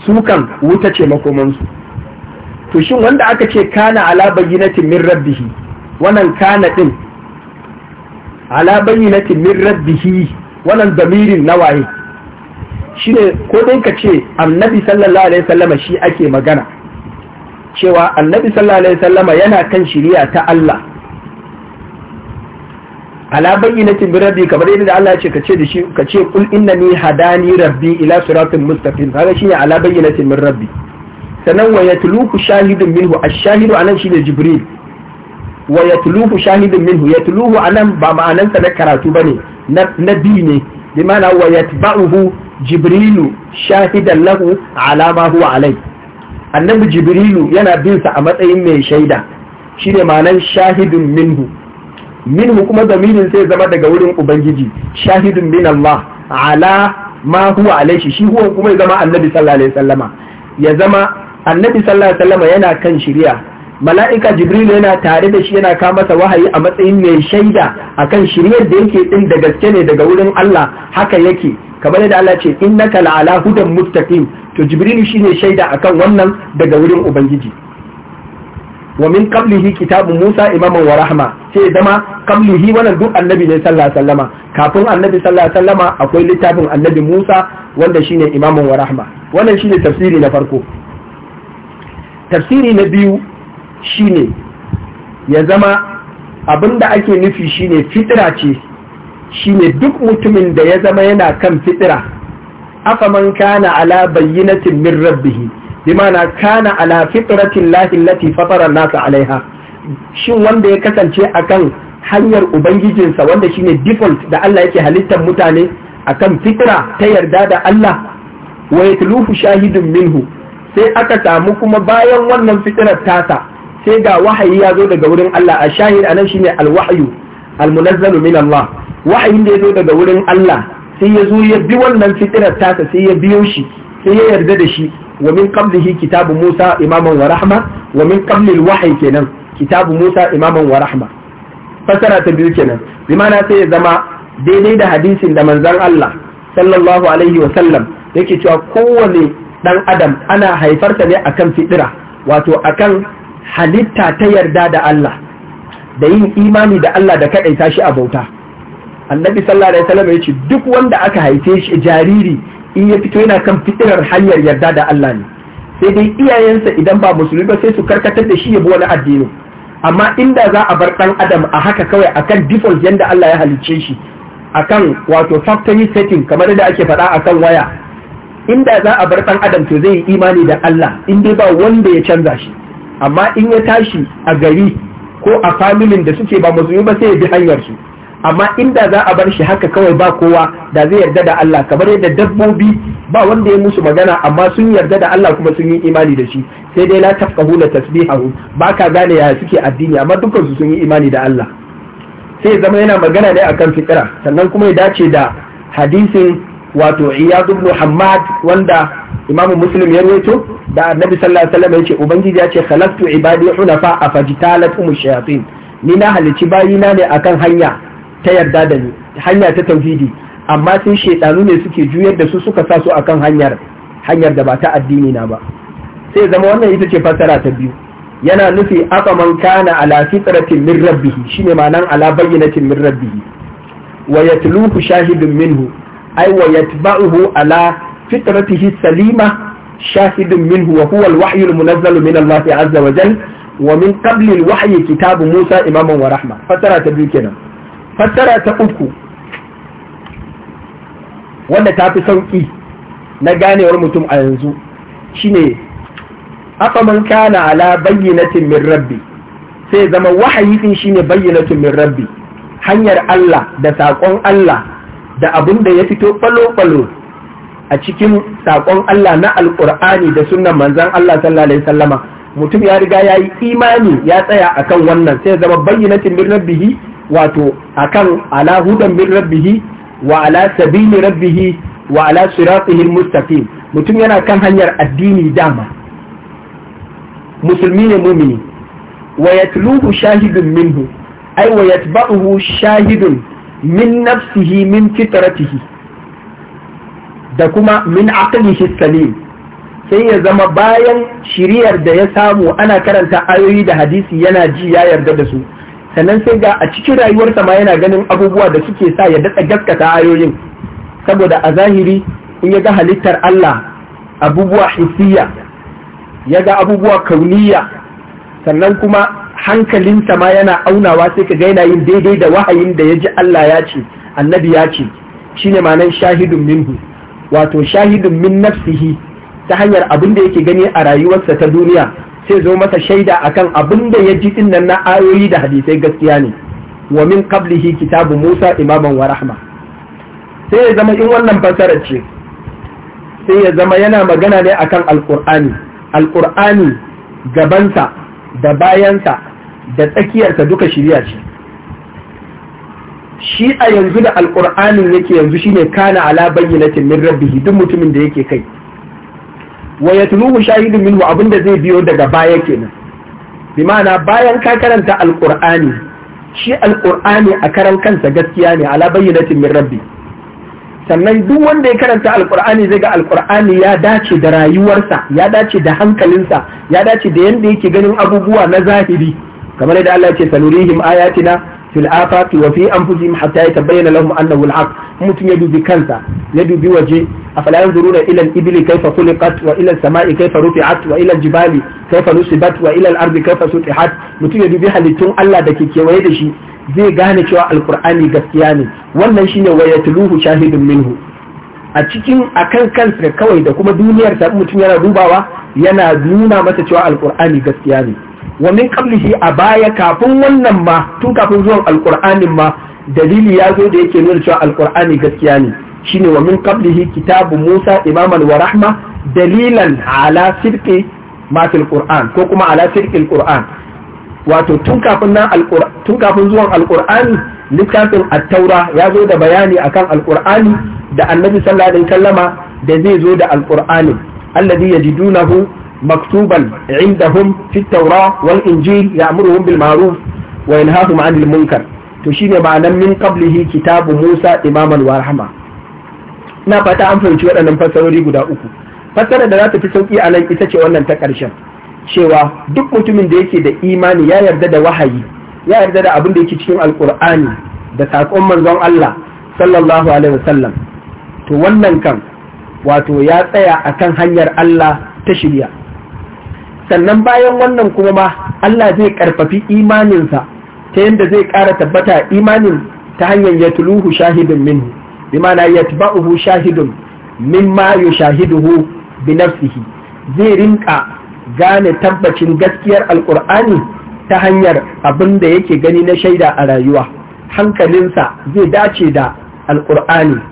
su kan wuta ce makomansu to shin wanda aka ce kana ala bayyinatin min rabbihi wannan kana din ala bayyinatin min rabbihi wannan damirin waye, shine ko dai ka ce annabi sallallahu alaihi wasallam shi ake magana cewa annabi sallallahu alaihi sallama yana kan shiriya ta Allah ala bayyinatin bi rabbi kamar yadda Allah ya ce kace da shi kace kul innani hadani rabbi ila siratin mustaqim kaga shine ala bayyinatin min rabbi sanan wa yatluhu shahidun minhu ash-shahidu anan shine jibril wa yatluhu shahidun minhu yatluhu anan ba ma'anan sa na karatu bane na bi ne bi ma'ana wa yatba'uhu jibrilu shahidan lahu ala ma huwa alayhi annabi jibrilu yana bin sa a matsayin mai shaida shine ma'anar shahidun minhu minhu kuma zamirin sai zama daga wurin ubangiji shahidun min Allah ala ma huwa alaihi shi huwa kuma ya zama annabi sallallahu alaihi wasallama ya zama annabi sallallahu alaihi wasallama yana kan shari'a mala'ika jibrilu yana tare da shi yana kawo masa wahayi a matsayin mai shaida akan shiryar da yake din da gaske ne daga wurin Allah haka yake kamar yadda Allah ce innaka la'ala hudan muttaqim to jibrilu shine shaida akan wannan daga wurin ubangiji wa min qablihi kitabu Musa imaman wa rahma sai zama qablihi wannan duk annabi ne sallallahu alaihi kafin annabi sallallahu alaihi akwai littafin annabi Musa wanda shine imaman wa rahma wannan shine tafsiri na farko tafsiri na biyu shine ya zama da ake nufi shine fitira ce shine duk mutumin da ya zama yana kan fitira Afaman man kana ala bayyinatin min rabbih bimana kana ala fitratin lahi allati fatara nasa alaiha shin wanda ya kasance akan hanyar ubangijinsa wanda shine default da Allah yake halittar mutane akan fitra ta yarda da Allah wa yatluhu shahidun minhu sai aka samu kuma bayan wannan fitrar tasa sai ga wahayi ya zo daga wurin Allah a shahid anan shine alwahyu almunazzalu min Allah wahayin da ya zo daga wurin Allah sai ya zo ya bi wannan fitirar tasa sai ya biyo shi sai ya yarda da shi wa min qablihi kitabu Musa imaman wa rahma wa min qabli al-wahyi kenan kitabu Musa imaman wa rahma fasara ta biyu kenan bi ma'ana sai ya zama daidai da hadisin da manzon Allah sallallahu alaihi wa sallam yake cewa kowane dan adam ana haifarsa ne akan fitira wato akan halitta ta yarda da Allah da yin imani da Allah da kaɗaita shi a bauta annabi sallallahu alaihi wasallam ya ce duk wanda aka haife shi jariri in ya fito yana kan fitirar hanyar yarda da Allah ne sai dai iyayensa idan ba musulmi ba sai su karkatar da shi ya bi wani addini amma inda za a bar dan adam a haka kawai akan default yanda Allah ya halicce shi akan wato factory setting kamar da ake faɗa akan waya inda za a bar dan adam to zai yi imani da Allah in dai ba wanda ya canza shi amma in ya tashi a gari ko a familin da suke ba musulmi ba sai ya bi hanyar su amma inda za a bar shi haka kawai ba kowa da zai yarda da Allah kamar yadda dabbobi ba wanda ya musu magana amma sun yarda da Allah kuma sun yi imani da shi sai dai la tafqahu la tasbihahu ba ka gane ya suke addini amma dukkan su sun yi imani da Allah sai zama yana magana ne akan fikira sannan kuma ya dace da hadisin wato Iyad ibn Hammad wanda Imam Muslim ya rawaito da Annabi sallallahu alaihi wasallam ce ubangiji ya ce khalaqtu ibadi hunafa afajtalat shayatin ni na halici bayina ne akan hanya ta yarda da ni hanya ta tauhidi amma sai shaidanu ne suke juyar da su suka sa su akan hanyar hanyar da ba ta addini na ba sai zama wannan ita ce fassara ta biyu yana nufi afa man kana ala fitratin min rabbihi, shine ma'anan ala bayyinatin min rabbihi wa yatluhu shahidun minhu ay wa yatba'uhu ala fitratihi salima shahidun minhu wa huwa al-wahyu min Allah azza wa jalla wa min qabli wahyi kitab Musa imaman wa rahma fassara ta biyu kenan fassara ta uku wanda ta fi sauƙi na ganewar mutum a yanzu shine afa man kana ala bayyinatin min rabbi sai zama wahayi din shine bayyinatin min rabbi hanyar Allah da saƙon Allah da abin da ya fito falo-falo a cikin saƙon Allah na alƙur'ani da sunan manzan Allah sallallahu alaihi sallama mutum ya riga ya yi imani ya tsaya akan wannan sai zama bayyinatin min rabbihi wato akan ala hudan min rabbihi wa ala sabili rabbihi wa ala siratihi mustaqim mutum yana kan hanyar addini dama musulmi ne mumini wa yatluhu shahidun minhu ay wa yatba'uhu shahidun min nafsihi min fitratihi da kuma min aqlihi salim sai ya zama bayan shiriyar da ya samu ana karanta ayoyi da hadisi yana ji ya yarda da su sannan sai ga a cikin rayuwarsa ma yana ganin abubuwa da suke sa ya datsa gaskata ayoyin saboda a zahiri in ya ga halittar Allah abubuwa hisiya ya ga abubuwa kauniya sannan kuma hankalinsa ma yana aunawa sai ka ga yana yin daidai da wahayin da ya ji Allah ya ce annabi ya ce shine nan shahidun minhu wato shahidun min nafsihi ta hanyar abin da yake gani a rayuwarsa ta duniya sai zo masa shaida akan abin da ya ji dinnan na ayoyi da hadisai gaskiya ne wa min qablihi kitabu Musa imaman wa rahma sai ya zama in wannan fasara ce sai ya zama yana magana ne akan alqur'ani alqur'ani gabansa da bayansa da tsakiyarsa duka shirya ce shi a yanzu da alqur'anin yake yanzu shine kana ala bayyinatin min rabbihi duk mutumin da yake kai wa sha shahidun minhu abinda zai biyo daga baya kenan bi ma'ana bayan ka karanta alqur'ani shi alqur'ani a karan kansa gaskiya ne ala bayyinatin min rabbi sannan duk wanda ya karanta alqur'ani zai ga alqur'ani ya dace da rayuwarsa ya dace da hankalinsa ya dace da yanda yake ganin abubuwa na zahiri kamar yadda Allah ya ce sanurihim ayatina fil afaqi wa fi anfusihim hatta yatabayyana lahum annahu al-haq mutum ya dubi kansa ya dubi waje afala yanzuruna ila al-ibli kayfa khuliqat wa ila as-sama'i kayfa rufi'at wa ila al-jibali kayfa nusibat wa ila al-ardi kayfa sutihat mutum ya dubi halittun Allah da ke kewaye da shi zai gane cewa alkur'ani gaskiya ne wannan shine wayatluhu shahidun minhu a cikin akan kansa kawai da kuma duniyar ta mutum yana dubawa yana nuna masa cewa alkur'ani gaskiya ne wa min qablihi a baya kafin wannan ma tun kafin zuwan alqur'anin ma dalili ya zo da yake nuna cewa alqur'ani gaskiya ne shine wa min qablihi kitabu Musa imaman wa rahma dalilan ala sidqi ma fil qur'an ko kuma ala sidqi qur'an wato tun kafin nan tun kafin zuwan alqur'ani littafin at-taura ya zo da bayani akan alqur'ani da annabi sallallahu alaihi wasallama da zai zo da alqur'ani alladhi yajidunahu مكتوبا عندهم في التوراة والإنجيل يأمرهم بالمعروف وينهاهم عن المنكر تشيني معنى من قبله كتاب موسى إماما ورحمة na fata an fahimci waɗannan fassarori guda uku fassarar da za ta fi sauƙi a nan ita ce wannan ta ƙarshen cewa duk mutumin da yake da imani ya yarda da wahayi ya yarda da abin da yake cikin alƙur'ani da saƙon manzon Allah sallallahu alaihi wasallam to wannan kan wato ya tsaya akan hanyar Allah ta shirya sannan bayan wannan kuma ma Allah zai ƙarfafi imaninsa ta yadda zai ƙara tabbata imanin ta hanyar ya tuluhu shahidun minhu bi ma'ana ya shahidun yi shahiduhu bi nafsihi zai rinka gane tabbacin gaskiyar alkur'ani ta hanyar abin da yake gani na shaida a rayuwa hankalinsa zai dace da alkur'ani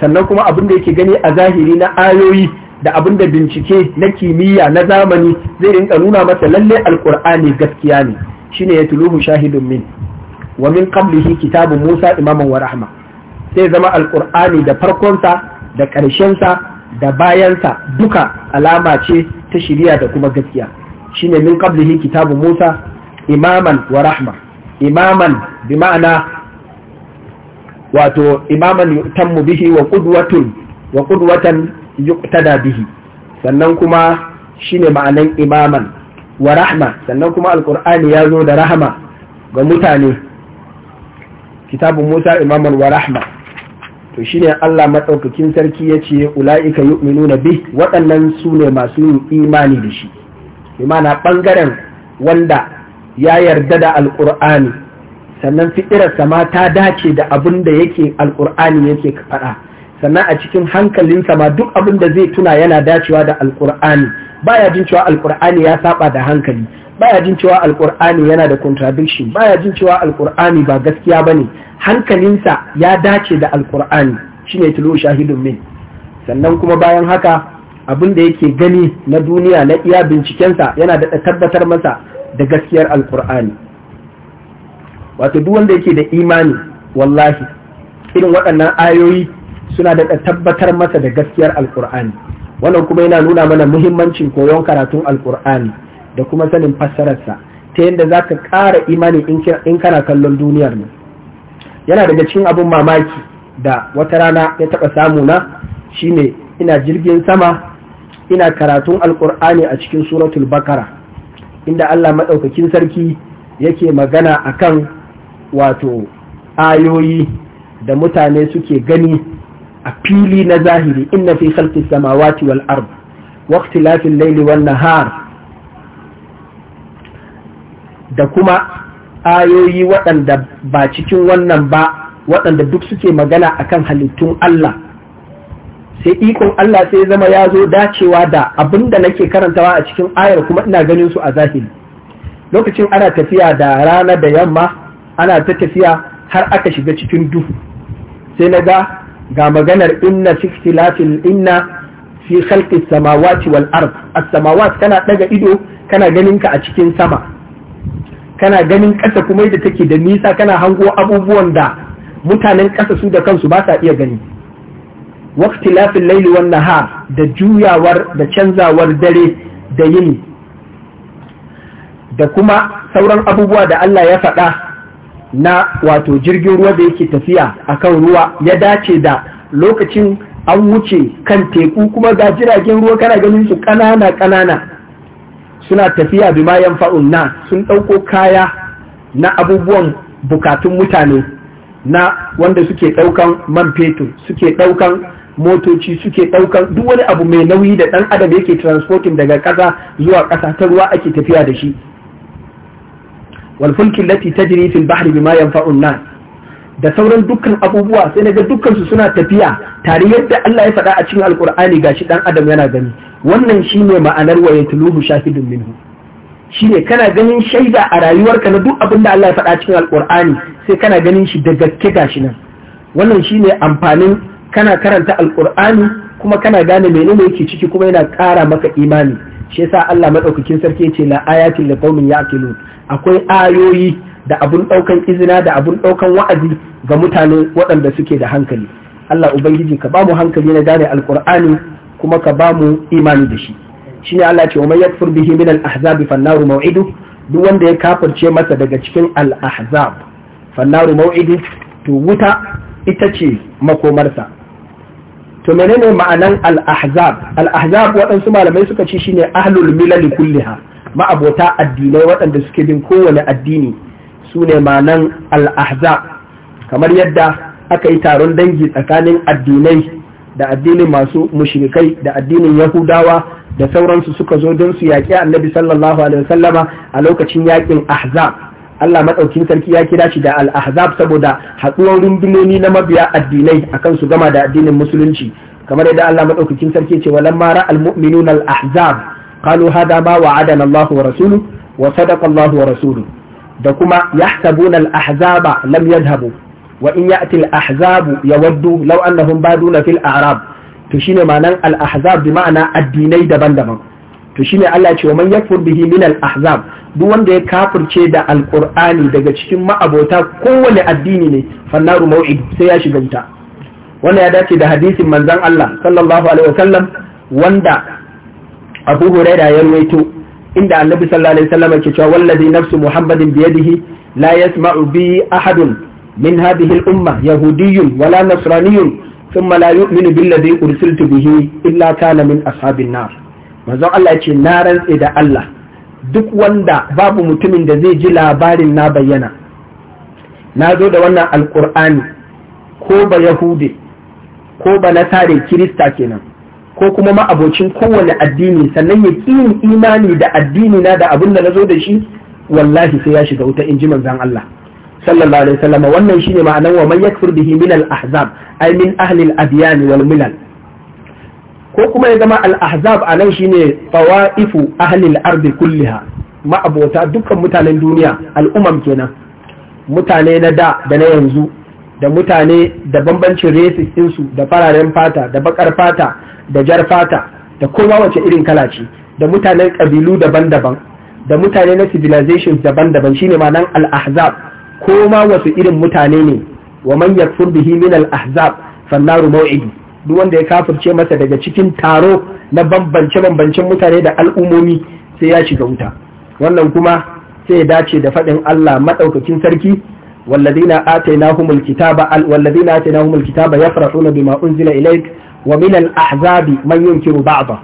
sannan kuma abin da yake gani a zahiri na ayoyi da abin da bincike na kimiyya na zamani zai rinka nuna masa lalle alkur'ani gaskiya ne shine ya tuluhu shahidun min wa min qablihi kitabu Musa imaman wa rahma sai zama alkur'ani da farkonsa da ƙarshensa da bayansa duka alama ce ta shiriya da kuma gaskiya shine min qablihi kitabu Musa imaman wa rahma imaman bi ma'ana wato imaman yutammu bihi wa qudwatun wa qudwatan yuqtada bihi sannan kuma shine ma'anan imaman wa rahma sannan kuma alqur'ani ya zo da rahma ga mutane kitabun Musa imaman wa rahma to shine Allah madaukakin sarki ya yace ulaika yu'minuna bihi. waɗannan su ne masu yin imani da shi imana ɓangaren wanda ya yarda da alqur'ani sannan fikirarsa ma ta dace da abin da yake alqur'ani yake faɗa sannan a cikin hankalinsa ma duk abin da zai tuna yana dacewa da alkur'ani baya jin cewa alkur'ani ya saba da hankali baya jin cewa alkur'ani yana da contradiction baya jin cewa alkur'ani ba gaskiya bane hankalinsa ya dace da alkur'ani shine tulu shahidun min sannan kuma bayan haka abin da yake gani na duniya na iya bincikensa yana da tabbatar masa da gaskiyar alkur'ani wato duk wanda yake da imani wallahi irin waɗannan ayoyi suna da tabbatar masa da gaskiyar alkur'ani wannan kuma yana nuna mana muhimmancin koyon karatun alkur'ani da kuma sanin fassararsa ta yadda za ka ƙara imani in kana kallon duniyar nan yana daga cikin abin mamaki da wata rana ya taɓa samu na shine ina jirgin sama ina karatun alkur'ani a cikin suratul bakara inda allah maɗaukakin sarki yake magana akan wato ayoyi da mutane suke gani a fili na zahiri inna fi khalqi samawati wal ard wa al layli wan nahar da kuma ayoyi waɗanda ba cikin wannan ba waɗanda duk suke magana akan halittun Allah sai ikon Allah sai zama ya zo dacewa da abinda nake karantawa a cikin ayar kuma ina ganin su a zahiri lokacin ana tafiya da rana da yamma ana ta tafiya har aka shiga cikin duhu sai na ga ga maganar inna fi ikhtilafil inna fi khalqi samawati wal ard as-samawat kana daga ido kana ganin ka a cikin sama kana ganin kasa kuma da take da nisa kana hango abubuwan da mutanen ƙasa su da kansu ba sa iya gani waqtilafil layli wan nahar da juyawar da canzawar dare da yini da kuma sauran abubuwa da Allah ya faɗa na wato jirgin ruwa da yake tafiya a kan ruwa ya dace da lokacin an wuce kan teku kuma ga jiragen ruwa kana ganin su kanana kanana suna tafiya bi mayan fa'un na sun ɗauko kaya na abubuwan bukatun mutane na wanda suke ɗaukan man fetur suke ɗaukan motoci suke ɗaukan duk wani abu mai nauyi da ɗan adam yake transporting daga ƙasa zuwa ƙasa ta ruwa ake tafiya da shi wal Lati ta tajri fil bahri bima yanfa'u an-nas da sauran dukkan abubuwa sai naga dukkan su suna tafiya tare yadda Allah ya faɗa a cikin alqur'ani gashi dan adam yana gani wannan shine ma'anar wa yatluhu shahidun minhu shine kana ganin shaida a rayuwarka na duk abin da Allah ya faɗa cikin alqur'ani sai kana ganin shi da gaske gashi nan wannan shine amfanin kana karanta alqur'ani kuma kana gane menene yake ciki kuma yana ƙara maka imani shi yasa Allah madaukakin sarki yace la ayatin li qaumin yaqilun akwai ayoyi da abun daukan izina da abun daukan wa'azi ga mutane waɗanda suke da hankali Allah ubangiji ka bamu hankali na gane alqur'ani kuma ka bamu mu imani da shi shine Allah ce wa man yakfur bihi min al-ahzab fannaru maw'idu duk wanda ya kafirce masa daga cikin al-ahzab fannaru maw'idu to wuta ita ce makomarsa to menene ma'anan al-ahzab al-ahzab waɗansu malamai suka ci shine ahlul milali kulliha ma'abota addinai waɗanda suke bin kowane addini sune ne ma'anan al-ahzab kamar yadda aka yi taron dangi tsakanin addinai da addinin masu mushrikai da addinin yahudawa da sauransu suka zo don su yaƙi annabi sallallahu alaihi wasallama a lokacin yaƙin ahzab Allah maɗaukin sarki ya kira shi da al'ahzab saboda haɗuwar rundunoni na mabiya addinai akan su gama da addinin musulunci kamar yadda Allah maɗaukakin sarki ce walan mara al-mu'minuna al-ahzab qalu hada ma wa'adana Allah wa rasuluhu wa sadaqa Allah wa rasuluhu da kuma yahsabuna al-ahzaba lam yadhhabu wa in ya'ti al-ahzabu yawaddu law annahum baduna fil a'rab to shine ma'anan al-ahzab bi ma'ana addinai daban-daban to shine Allah ya ce wa man yakfur bihi min al-ahzab duk wanda ya kafirce da alkur'ani daga cikin ma'abota kowane addini ne fannaru mau'id sai ya shiga wuta wannan ya dace da hadisin manzon Allah sallallahu alaihi wasallam wanda Abu huraira ya rawaito inda Annabi sallallahu alaihi wasallam yake cewa wallazi nafsu Muhammadin biyadihi la yasma'u bi ahadun min hadhihi al-umma yahudiyyun wala nasraniyyun thumma la yu'minu billadhi ursiltu bihi illa kana min ashabin nar manzon Allah ya ce na rantse da Allah duk wanda babu mutumin da zai ji labarin na bayyana na zo da wannan alkur'ani ko ba yahude ko ba nasare kirista kenan ko kuma ma'abocin kowane addini sannan ya yin imani da addini na da abin da na zo da shi wallahi sai ya shiga wuta in ji manzan Allah sallallahu alaihi wasallam wannan shine ma'anar wa man yakfur bihi min al ahzab ay min ahli al adyan wal milal ko kuma ya zama al-ahzab anan shine fawaifu ahlil ardi kulliha ma'abota dukkan mutanen duniya al'umam kenan mutane na da da na yanzu da mutane da bambancin resis ɗinsu da fararen fata da bakar fata da jar fata da kowa wace irin kala ce da mutanen ƙabilu daban-daban da mutane na civilizations daban-daban shine ma nan al-ahzab ko ma wasu irin mutane ne wa man yakfur bihi min al-ahzab fannaru maw'idi duk wanda ya kafirce masa daga cikin taro na bambance-bambancen mutane da al'ummomi sai ya shiga wuta wannan kuma sai ya dace da faɗin Allah maɗaukakin sarki walladina atainahumul kitaba walladina atainahumul kitaba yafrahuna bima unzila ilayk wa min al-ahzabi man yunkiru ba'dha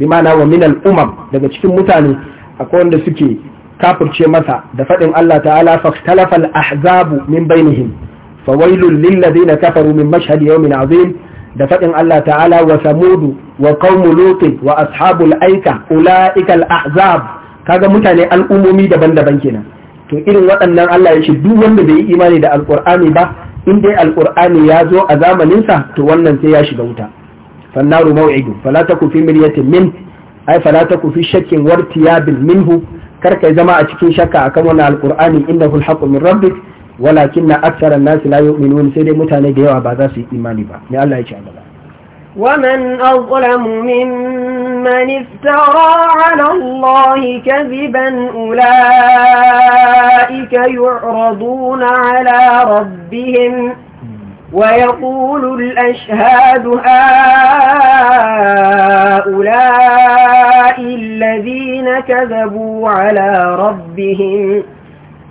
na wa min al-umam daga cikin mutane akwai wanda suke kafirce masa da faɗin Allah ta'ala fahtalafa al-ahzabu min bainihim fawailul lil ladina kafaru min mashhad yawmin azim da faɗin Allah ta'ala wa samudu wa qaumu lutin wa ashabul aika ula'ikal azab kaga mutane al'umomi daban-daban kenan to irin waɗannan Allah ya ce duk wanda bai yi imani da alqur'ani ba in dai alqur'ani ya zo a zamanin sa to wannan sai ya shiga wuta fannaru maw'idu fala taku fi miryatin min ai fala taku fi shakkin wartiyabil minhu kar kai zama a cikin shakka akan wannan alqur'ani innahu alhaqqu min rabbik ولكن أكثر الناس لا يؤمنون سيدي متاني ديوا mutane da yawa ba الله su yi ومن أظلم ممن افترى على الله كذبا أولئك يعرضون على ربهم ويقول الأشهاد هؤلاء الذين كذبوا على ربهم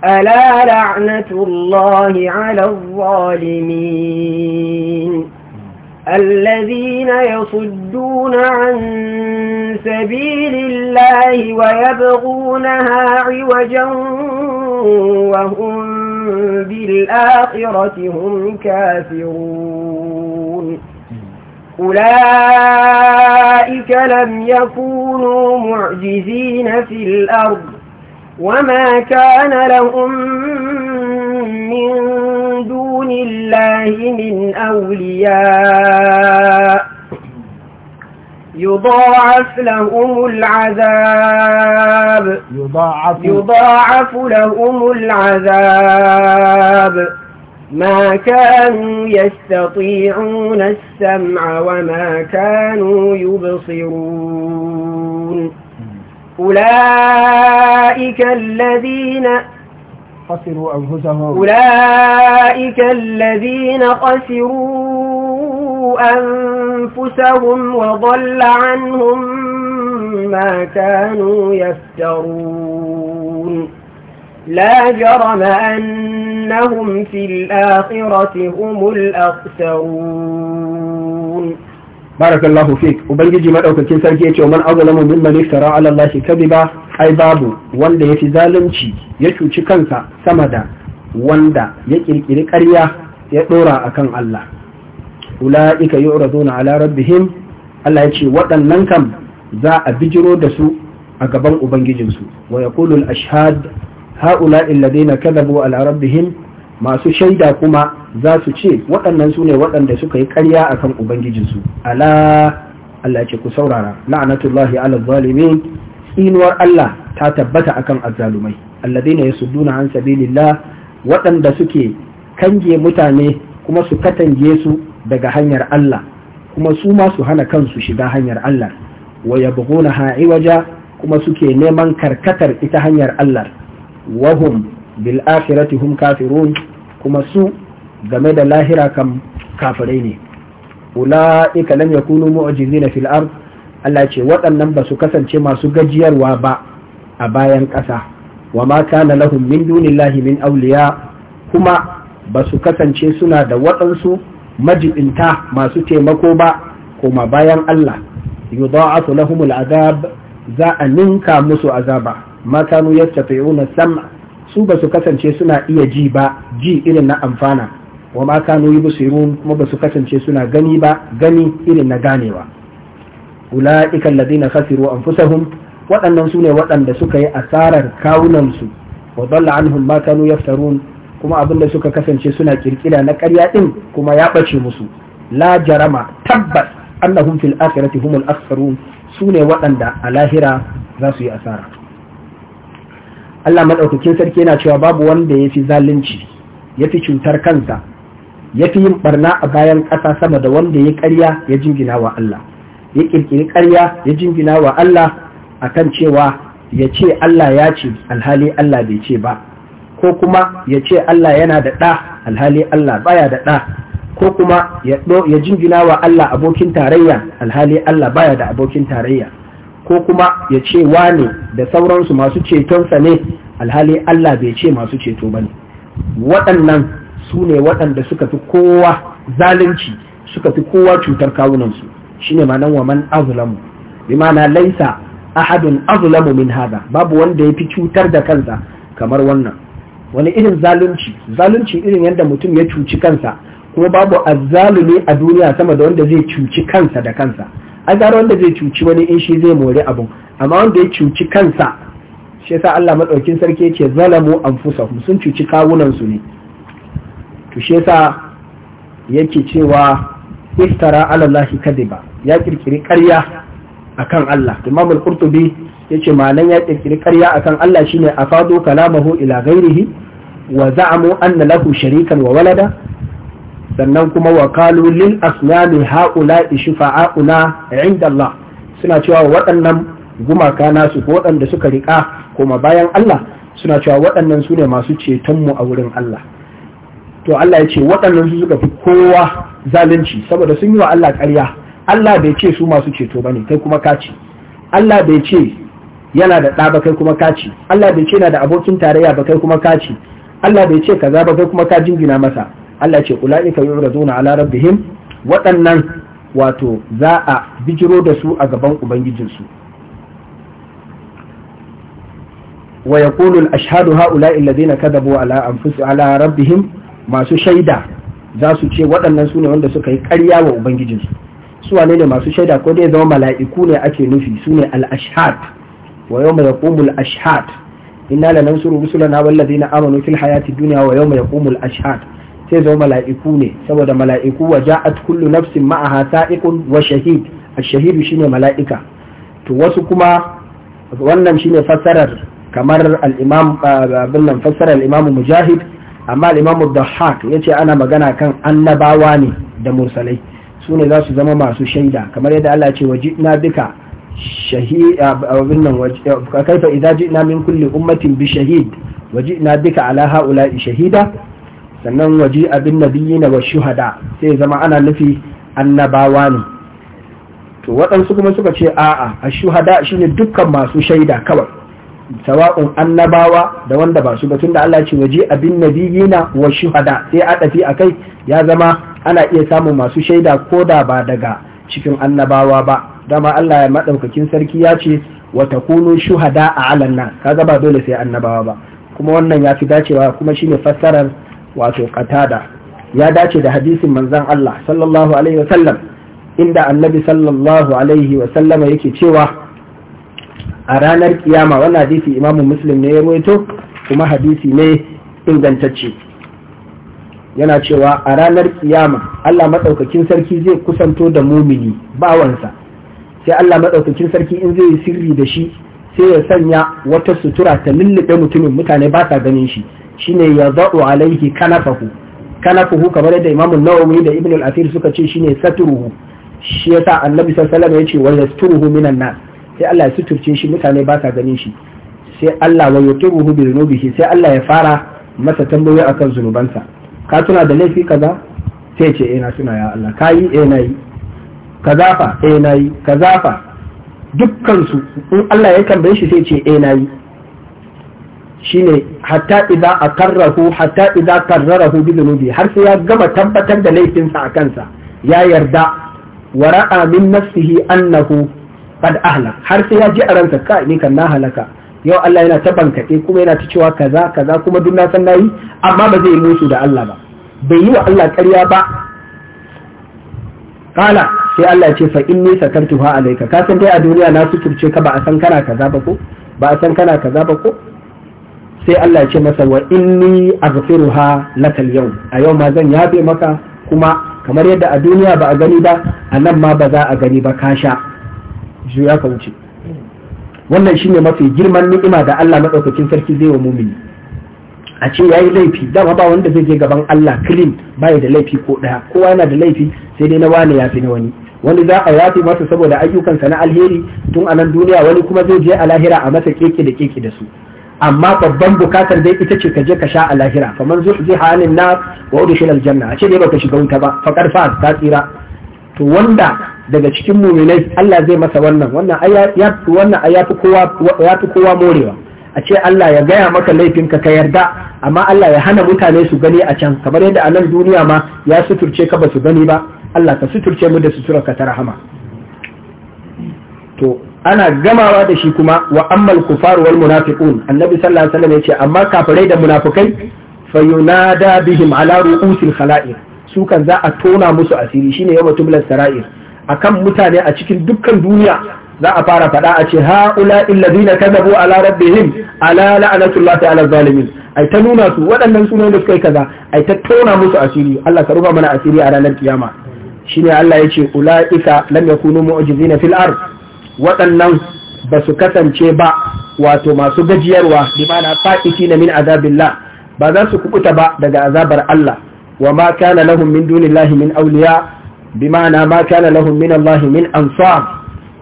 ألا لعنة الله على الظالمين الذين يصدون عن سبيل الله ويبغونها عوجا وهم بالآخرة هم كافرون أولئك لم يكونوا معجزين في الأرض وما كان لهم من دون الله من أولياء يضاعف لهم العذاب يضاعف, يضاعف لهم العذاب ما كانوا يستطيعون السمع وما كانوا يبصرون أولئك الذين خسروا أنفسهم أولئك الذين خسروا أنفسهم وضل عنهم ما كانوا يفترون لا جرم أنهم في الآخرة هم الأخسرون barakallahu fik ubangiji madaukakin sarki yace man azlamu mimman iftara ala allahi kadiba ai babu wanda yafi zalunci ya cuci kansa sama da wanda ya kirkiri ƙarya ya dora akan Allah ulaika yu'raduna ala rabbihim Allah ce waɗannan kam za a bijiro da su a gaban ubangijinsu wa yaqulu al-ashhad ha'ula'i alladhina kadhabu ala rabbihim masu shaida kuma za su ce waɗannan su ne waɗanda suka yi ƙarya akan ubangijinsu ala Allah ce ku saurara la'anatullahi ala zalimin tsinuwar Allah ta tabbata akan azzalumai ya yasudduna an sabilillah waɗanda suke kange mutane kuma su katange su daga hanyar Allah kuma su ma su hana kansu shiga hanyar Allah wa yabghuna ha'iwaja kuma suke neman karkatar ita hanyar Allah wahum bil akhirati hum kafirun kuma su game da lahira kam kafirai ne ula'ika lam yakunu mu'jizina fil ard Allah ce waɗannan ba su kasance masu gajiyarwa ba a bayan ƙasa wa ma kana lahum min dunillahi min awliya kuma ba su kasance suna da waɗansu majibinta masu taimako ba kuma bayan Allah yudha'afu lahumul azab za a ninka musu azaba ma kanu yastafi'una sam su ba su kasance suna iya ji ba ji irin na amfana wa ma kanu yubsirun kuma ba su kasance suna gani ba gani irin na ganewa ulaika alladhina khasiru anfusahum waɗannan su ne waɗanda suka yi asarar kawunansu wa dalla anhum ma kanu yaftarun kuma abin da suka kasance suna kirkira na ƙarya din kuma ya ɓace musu la jarama tabbas annahum fil akhirati humul akhsarun su ne waɗanda a lahira za su yi asara Allah maɗaukakin sarki yana cewa babu wanda ya fi zalunci ya fi cutar kansa ya fi yin barna a bayan ƙasa sama da wanda ya ƙarya ya jingina wa Allah ya ƙirƙiri ƙarya ya jingina wa Allah a kan cewa ya ce Allah ya ce alhali Allah bai ce ba ko kuma ya ce Allah yana da ɗa alhali Allah baya da ɗa ko kuma ya jingina wa Allah abokin tarayya alhali Allah baya da abokin tarayya ko kuma ya ce wane da sauransu masu cetonsa ne alhali Allah bai ce masu ceto ba ne waɗannan su ne waɗanda suka fi kowa zalunci suka fi kowa cutar kawunansu shine ma'anar wa man azlamu bi ma'ana laisa ahadun azlamu min hada babu wanda ya fi cutar da kansa kamar wannan wani irin zalunci zalunci irin yadda mutum ya cuci kansa kuma babu azzalumi a duniya sama da wanda zai cuci kansa da kansa a gara wanda zai cuci wani in shi zai more abun amma wanda ya cuci kansa shi yasa Allah madaukin sarki yake zalamu anfusahum sun cuci kawunan su ne to shi yasa yake cewa iftara ala kadiba ya kirkiri ƙarya akan Allah Imam al-Qurtubi yace malan ya kirkiri ƙarya akan Allah shine afadu kalamahu ila ghairihi wa za'amu anna lahu sharikan wa walada sannan kuma wa qalu lil asnami haula shufa'auna inda Allah suna cewa waɗannan gumaka nasu ko waɗanda suka riƙa koma bayan Allah suna cewa waɗannan su ne masu cetonmu a wurin Allah to Allah ya ce waɗannan su suka fi kowa zalunci saboda sun yi wa Allah ƙarya Allah bai ce su masu ceto bane kai kuma ka ce Allah bai ce yana da ɗa ba kai kuma ka ce Allah bai ce yana da abokin tarayya ba kai kuma ka ce Allah bai ce kaza ba kai kuma ka jingina masa Allah ce ula'ika zauna ala rabbihim waɗannan wato za a bijiro da su a gaban ubangijinsu wa yaqulu al-ashhadu ha'ula'i alladhina kadhabu ala anfusihim ala rabbihim masu shaida za su ce waɗannan su ne wanda suka yi ƙarya wa ubangijinsu su wane ne masu shaida ko dai zama mala'iku ne ake nufi su ne al-ashhad wa yawma yaqumu al-ashhad inna rusula na wallazi na amanu fil hayati duniya wa yau mai al-ashhad sai zama mala'iku ne saboda mala'iku wa ja'at kullu nafsin ma'aha sa'iqun wa shahid ash-shahidu shine mala'ika to wasu kuma wannan shine fassarar kamar al-imam abin nan fassarar al-imam mujahid amma limamu da haq ya ce ana magana kan annabawa ne da mursalai su ne za su zama masu shaida kamar yadda Allah ce waji na duka kaifa idan ji na min kulli ummatin bi shahid waje na duka ala haula shahida sannan waji abin nabiyyi na wa shuhada sai zama ana nufi annabawa ne to waɗansu kuma suka ce a'a a shuhada shine dukkan masu shaida kawai sawa'un annabawa da wanda ba su ba tunda Allah ce waje abin nabiyina wa shuhada sai a tafi akai ya zama ana iya samun masu shaida ko da ba daga cikin annabawa ba dama Allah ya madaukakin sarki ya ce wa takunu shuhada a nan kaga ba dole sai annabawa ba kuma wannan ya fi dacewa kuma shine fassarar wato qatada ya dace da hadisin manzon Allah sallallahu alaihi wasallam inda annabi sallallahu alaihi wasallam yake cewa a ranar kiyama wannan hadisi imamu muslim ne ya ruwaito kuma hadisi ne ingantacce yana cewa a ranar kiyama Allah maɗaukakin sarki zai kusanto da mumini bawansa sai Allah maɗaukakin sarki in zai sirri da shi sai ya sanya wata sutura ta lullube mutumin mutane ba sa ganin shi shine ya za'u alaihi kanafahu kanafahu kamar yadda imamun nawawi da ibn al suka ce shine saturuhu shi yasa annabi sallallahu ya wasallam wani wa yasturuhu minan nas sai Allah ya suturce shi mutane ba sa ganin shi sai Allah wa yuqiruhu bi dhunubihi sai Allah ya fara masa tambayoyi akan zunubansa ka tuna da laifi kaza sai ce eh na tuna ya Allah ka yi eh na yi kaza fa eh na yi kaza fa dukkan su in Allah ya tambaye shi sai ce eh na yi shine hatta idza akarrahu hatta idza karrarahu bi dhunubi har sai ya gama tabbatar da laifinsa a kansa ya yarda wa ra'a min nafsihi annahu qad ahla har sai ya ji a ranka ka ni kan na halaka yau Allah yana ta bankaɗe kuma yana ta cewa kaza kaza kuma duk na san nayi amma ba zai yi musu da Allah ba bai yi wa Allah ƙarya ba kala sai Allah ya ce fa inni sakartuha alayka ka san dai a duniya na suturce ka ba a san kana kaza ba ko ba a san kana kaza ba ko sai Allah ya ce masa wa inni aghfiruha laka al-yawm a yau ma zan yabe maka kuma kamar yadda a duniya ba a gani ba a nan ma ba za a gani ba ka sha juya ka wuce wannan shine mafi girman ni'ima da Allah madaukakin sarki zai wa mumini a ce yayi laifi dama ba wanda zai je gaban Allah clean bai da laifi ko ɗaya, kowa yana da laifi sai dai na wani ya fi na wani wani za a yafi masa saboda ayyukansa na alheri tun a nan duniya wani kuma zai je a lahira a masa keke da keke da su amma babban bukatar dai ita ce ka je ka sha a lahira faman zuhziha na na wa udkhila aljanna a ce dai baka shiga wuta ba faqad fa ta tsira to wanda daga cikin muminai Allah zai masa wannan wannan ya fi kowa morewa a ce Allah ya gaya maka laifinka ka yarda amma Allah ya hana mutane su gani a can kamar yadda a nan duniya ma ya suturce ka ba su gani ba Allah ka suturce mu da sutura ka ta rahama to ana gamawa da shi kuma wa ammal kufar wal munafiqun annabi sallallahu alaihi wasallam yace amma kafirai da munafikai fayunada bihim ala ru'usil khala'ir su kan za a tona musu asiri shine yawma tublas sara'ir akan mutane a cikin dukkan duniya za a fara faɗa a ce ha'ula illazina kadabu ala rabbihim ala la'natullahi ala zalimin ai ta nuna su waɗannan sunan da suka yi kaza ai ta tona musu asiri Allah ka rufa mana asiri a ranar kiyama shine Allah ya ce ula'ika lam yakunu mu'jizina fil ard waɗannan ba su kasance ba wato masu gajiyarwa bi ma'ana fa'ikina min azabillah ba za su kuɓuta ba daga azabar Allah wa ma kana lahum min dunillahi min awliya na ma kana lahum min Allah min ansar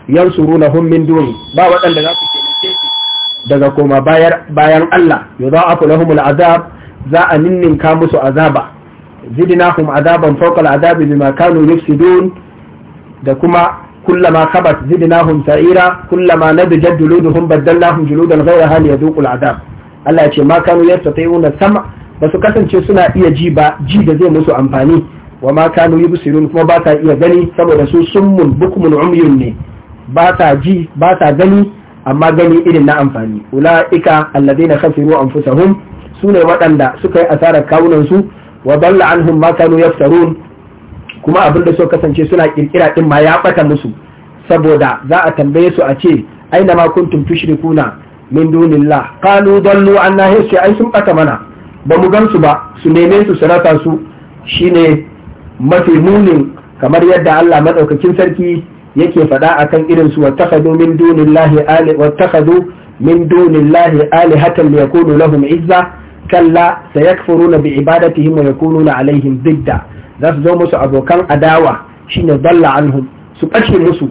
yansurunahum min duni ba waɗanda za su taimake su daga koma bayan Allah yudha'afu lahum azab za a ninninka musu azaba zidnahum azaban fawqa azabi bima kanu yufsidun da kuma kullama zidina zidnahum sa'ira kullama nadjat juluduhum badalnahum juludan ghayraha liyaduqu azab Allah ya ce ma kanu yastati'una sama ba su kasance suna iya ji ba ji da zai musu amfani wa ma kanu yubsirun kuma ba ta iya gani saboda su summun bukmun umyun ne ba ta ji ba ta gani amma gani irin na amfani ulaika alladhina khasiru anfusahum sune waɗanda suka yi asarar kawunan su wa dalla anhum ma kanu yaftarun kuma abin da suka kasance suna kirkira din ma ya ɓata musu saboda za a tambaye su a ce aina ma kuntum tushrikuna min dunillah qalu dallu anna hisya ai sun bata mana ba mu gansu ba su neme su su su shine mafi munin kamar yadda Allah madaukakin sarki yake faɗa akan irin su wattakhadhu min dunillahi ali wattakhadhu min dunillahi alihatan liyakunu lahum izza kalla sayakfuruna biibadatihim wa yakununa alaihim bidda za su zo musu abokan adawa shine dalla anhum su kashe musu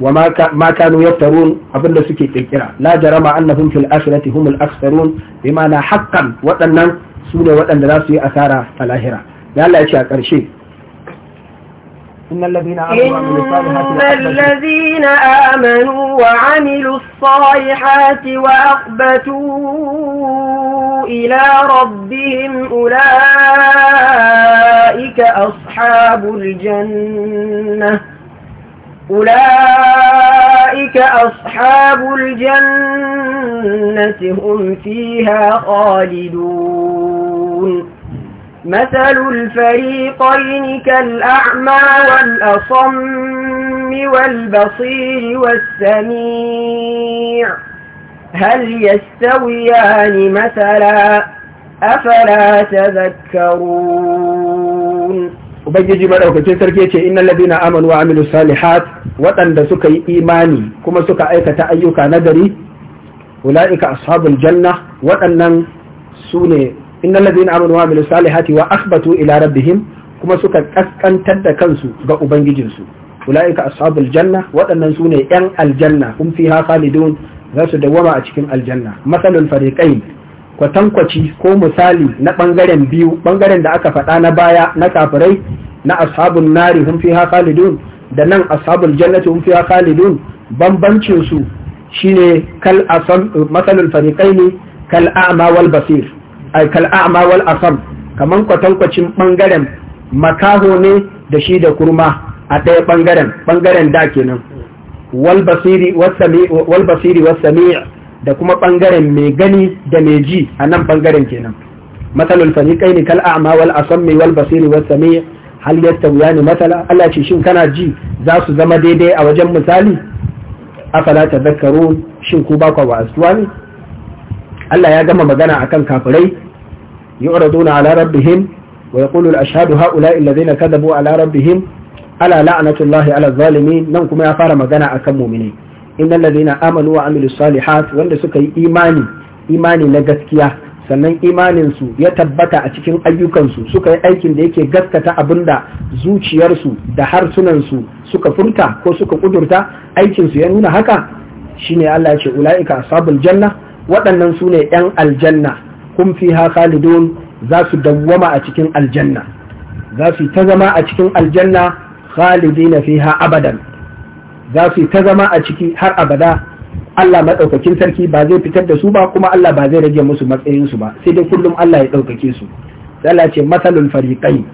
wa ma kanu yaftarun abinda suke kirkira la jarama annahum fil akhirati humul akhsarun bima na haqqan waɗannan su ne waɗanda za su yi asara a lahira da Allah ya ce a ƙarshe إن الذين آمنوا وعملوا الصالحات, الذين آمنوا وعملوا الصالحات وأخبتوا إلى ربهم أولئك أصحاب الجنة أولئك أصحاب الجنة هم فيها خالدون مثل الفريقين كالأعمى والأصم والبصير والسميع هل يستويان مثلا أفلا تذكرون وبيجي مرأوك تسركي إن الذين آمنوا وعملوا الصالحات وأن دسوك إيماني كما سوك أيك تأيوك ندري أولئك أصحاب الجنة وطنن سوني innal na amanu wa amilus salihati wa akhbatu ila rabbihim kuma suka kaskantar da kansu ga ubangijinsu ulaika ashabul janna waɗannan ne yan aljanna hum fiha khalidun za su dawama a cikin aljanna masalul fariqain kwatankwaci ko misali na bangaren biyu bangaren da aka faɗa na baya na kafirai na ashabun nari fiha khalidun da nan ashabul jannati fiha khalidun bambancin su shine kal asam masalul fariqaini kal a'ma wal basir aikal a'ma wal asam kaman kwatankwacin bangaren makaho ne da shi da kurma a ɗaya bangaren bangaren da kenan wal basiri was sami' da kuma bangaren mai gani da mai ji a nan bangaren kenan matalul ne, kal a'ma wal asam wal basiri was sami' hal yastawiyani matala Allah ce shin kana ji za su zama daidai a wajen misali afala tadhakkarun shin ku ba ku wa'azuwa ne Allah ya gama magana akan kafirai yu'raduna ala rabbihim wa yaqulu al-ashhadu ha'ula'i alladhina kadhabu ala rabbihim ala la'natullahi ala zalimin nan kuma ya fara magana akan mu'mini innal ladina amanu wa amilus salihat wanda suka yi imani imani na gaskiya sannan imaninsu ya tabbata a cikin ayyukansu suka yi aikin da yake gaskata abinda zuciyarsu da harsunansu suka furta ko suka kudurta aikinsu ya nuna haka shine Allah ya ce ula'ika ashabul janna waɗannan su ne ‘yan aljanna kun fi ha khalidun za su dawwama a cikin aljanna za su ta zama a cikin aljanna na fi ha abadan za su ta zama a ciki har abada Allah maɗaukakin sarki ba zai fitar da su ba kuma Allah ba zai rage musu matsayinsu ba sai dai kullum Allah ya ɗaukake su Allah ce masalul fariƙai."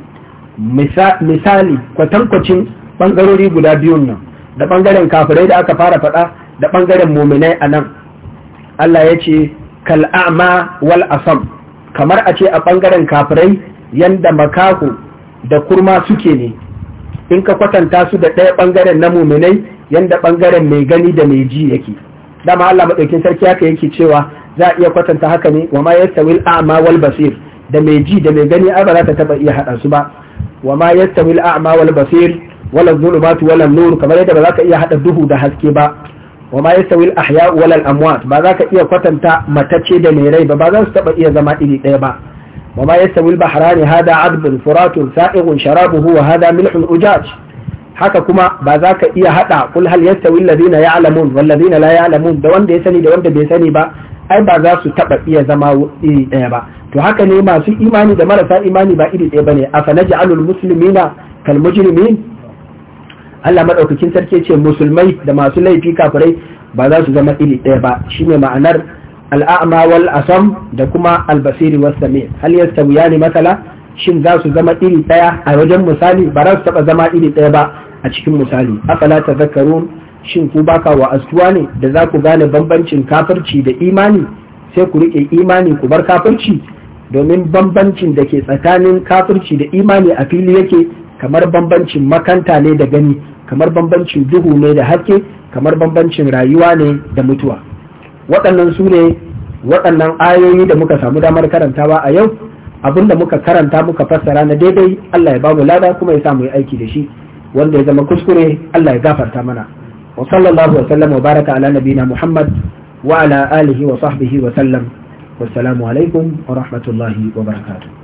misali kwatankwacin ɓangarori guda biyun nan da ɓangaren kafirai da aka fara faɗa da ɓangaren muminai a nan Allah ya ce kal'ama wal asam kamar a ce a ɓangaren kafirai yadda makaku da kurma suke ne in ka kwatanta su da ɗaya ɓangaren na muminai yadda ɓangaren mai gani da mai ji yake dama Allah maɗaukin sarki haka yake cewa za a iya kwatanta haka ne wa ma yastawi al'ama wal basir da mai ji da mai gani ai ba za ta taɓa iya haɗa su ba wa ma yastawi al'ama wal basir wala zulumatu wala nur kamar yadda ba za ka iya haɗa duhu da haske ba wa ma yastawi al-ahya wal amwat ba za ka iya kwatanta matacce da mai rai ba ba za su taba iya zama iri ɗaya ba wa ma yastawi al-bahrani hada adbun furatun sa'ighun sharabuhu wa hada milhun ujaj haka kuma ba za ka iya hada kul hal yastawi alladhina ya'lamun wal ladina la ya'lamun da wanda ya sani da wanda bai sani ba ai ba za su taba iya zama iri ɗaya ba to haka ne masu imani da marasa imani ba iri ɗaya bane afanaj'alul muslimina kal mujrimin Allah madaukakin sarki ce musulmai da masu laifi kafirai ba za su zama iri ɗaya ba shine ma'anar al'a'ma wal asam da kuma albasiri was sami hal yastawiya ne masala shin za su zama iri ɗaya a wajen misali ba za su taɓa zama iri ɗaya ba a cikin misali afala tadhakkarun shin ku baka wa astuwa ne da za ku gane bambancin kafirci da imani sai ku rike imani ku bar kafirci domin bambancin da ke tsakanin kafirci da imani a fili yake kamar bambancin makanta ne da gani kamar bambancin duhu ne da haske kamar bambancin rayuwa ne da mutuwa waɗannan su ne waɗannan ayoyi da muka samu damar karantawa a yau abinda muka karanta muka fassara na daidai Allah ya bamu lada kuma ya samu aiki da shi wanda ya zama kuskure Allah ya gafarta mana wa sallallahu wa sallam wa baraka ala nabina Muhammad wa ala alihi wa sahbihi wa sallam wassalamu alaikum wa rahmatullahi wa barakatuh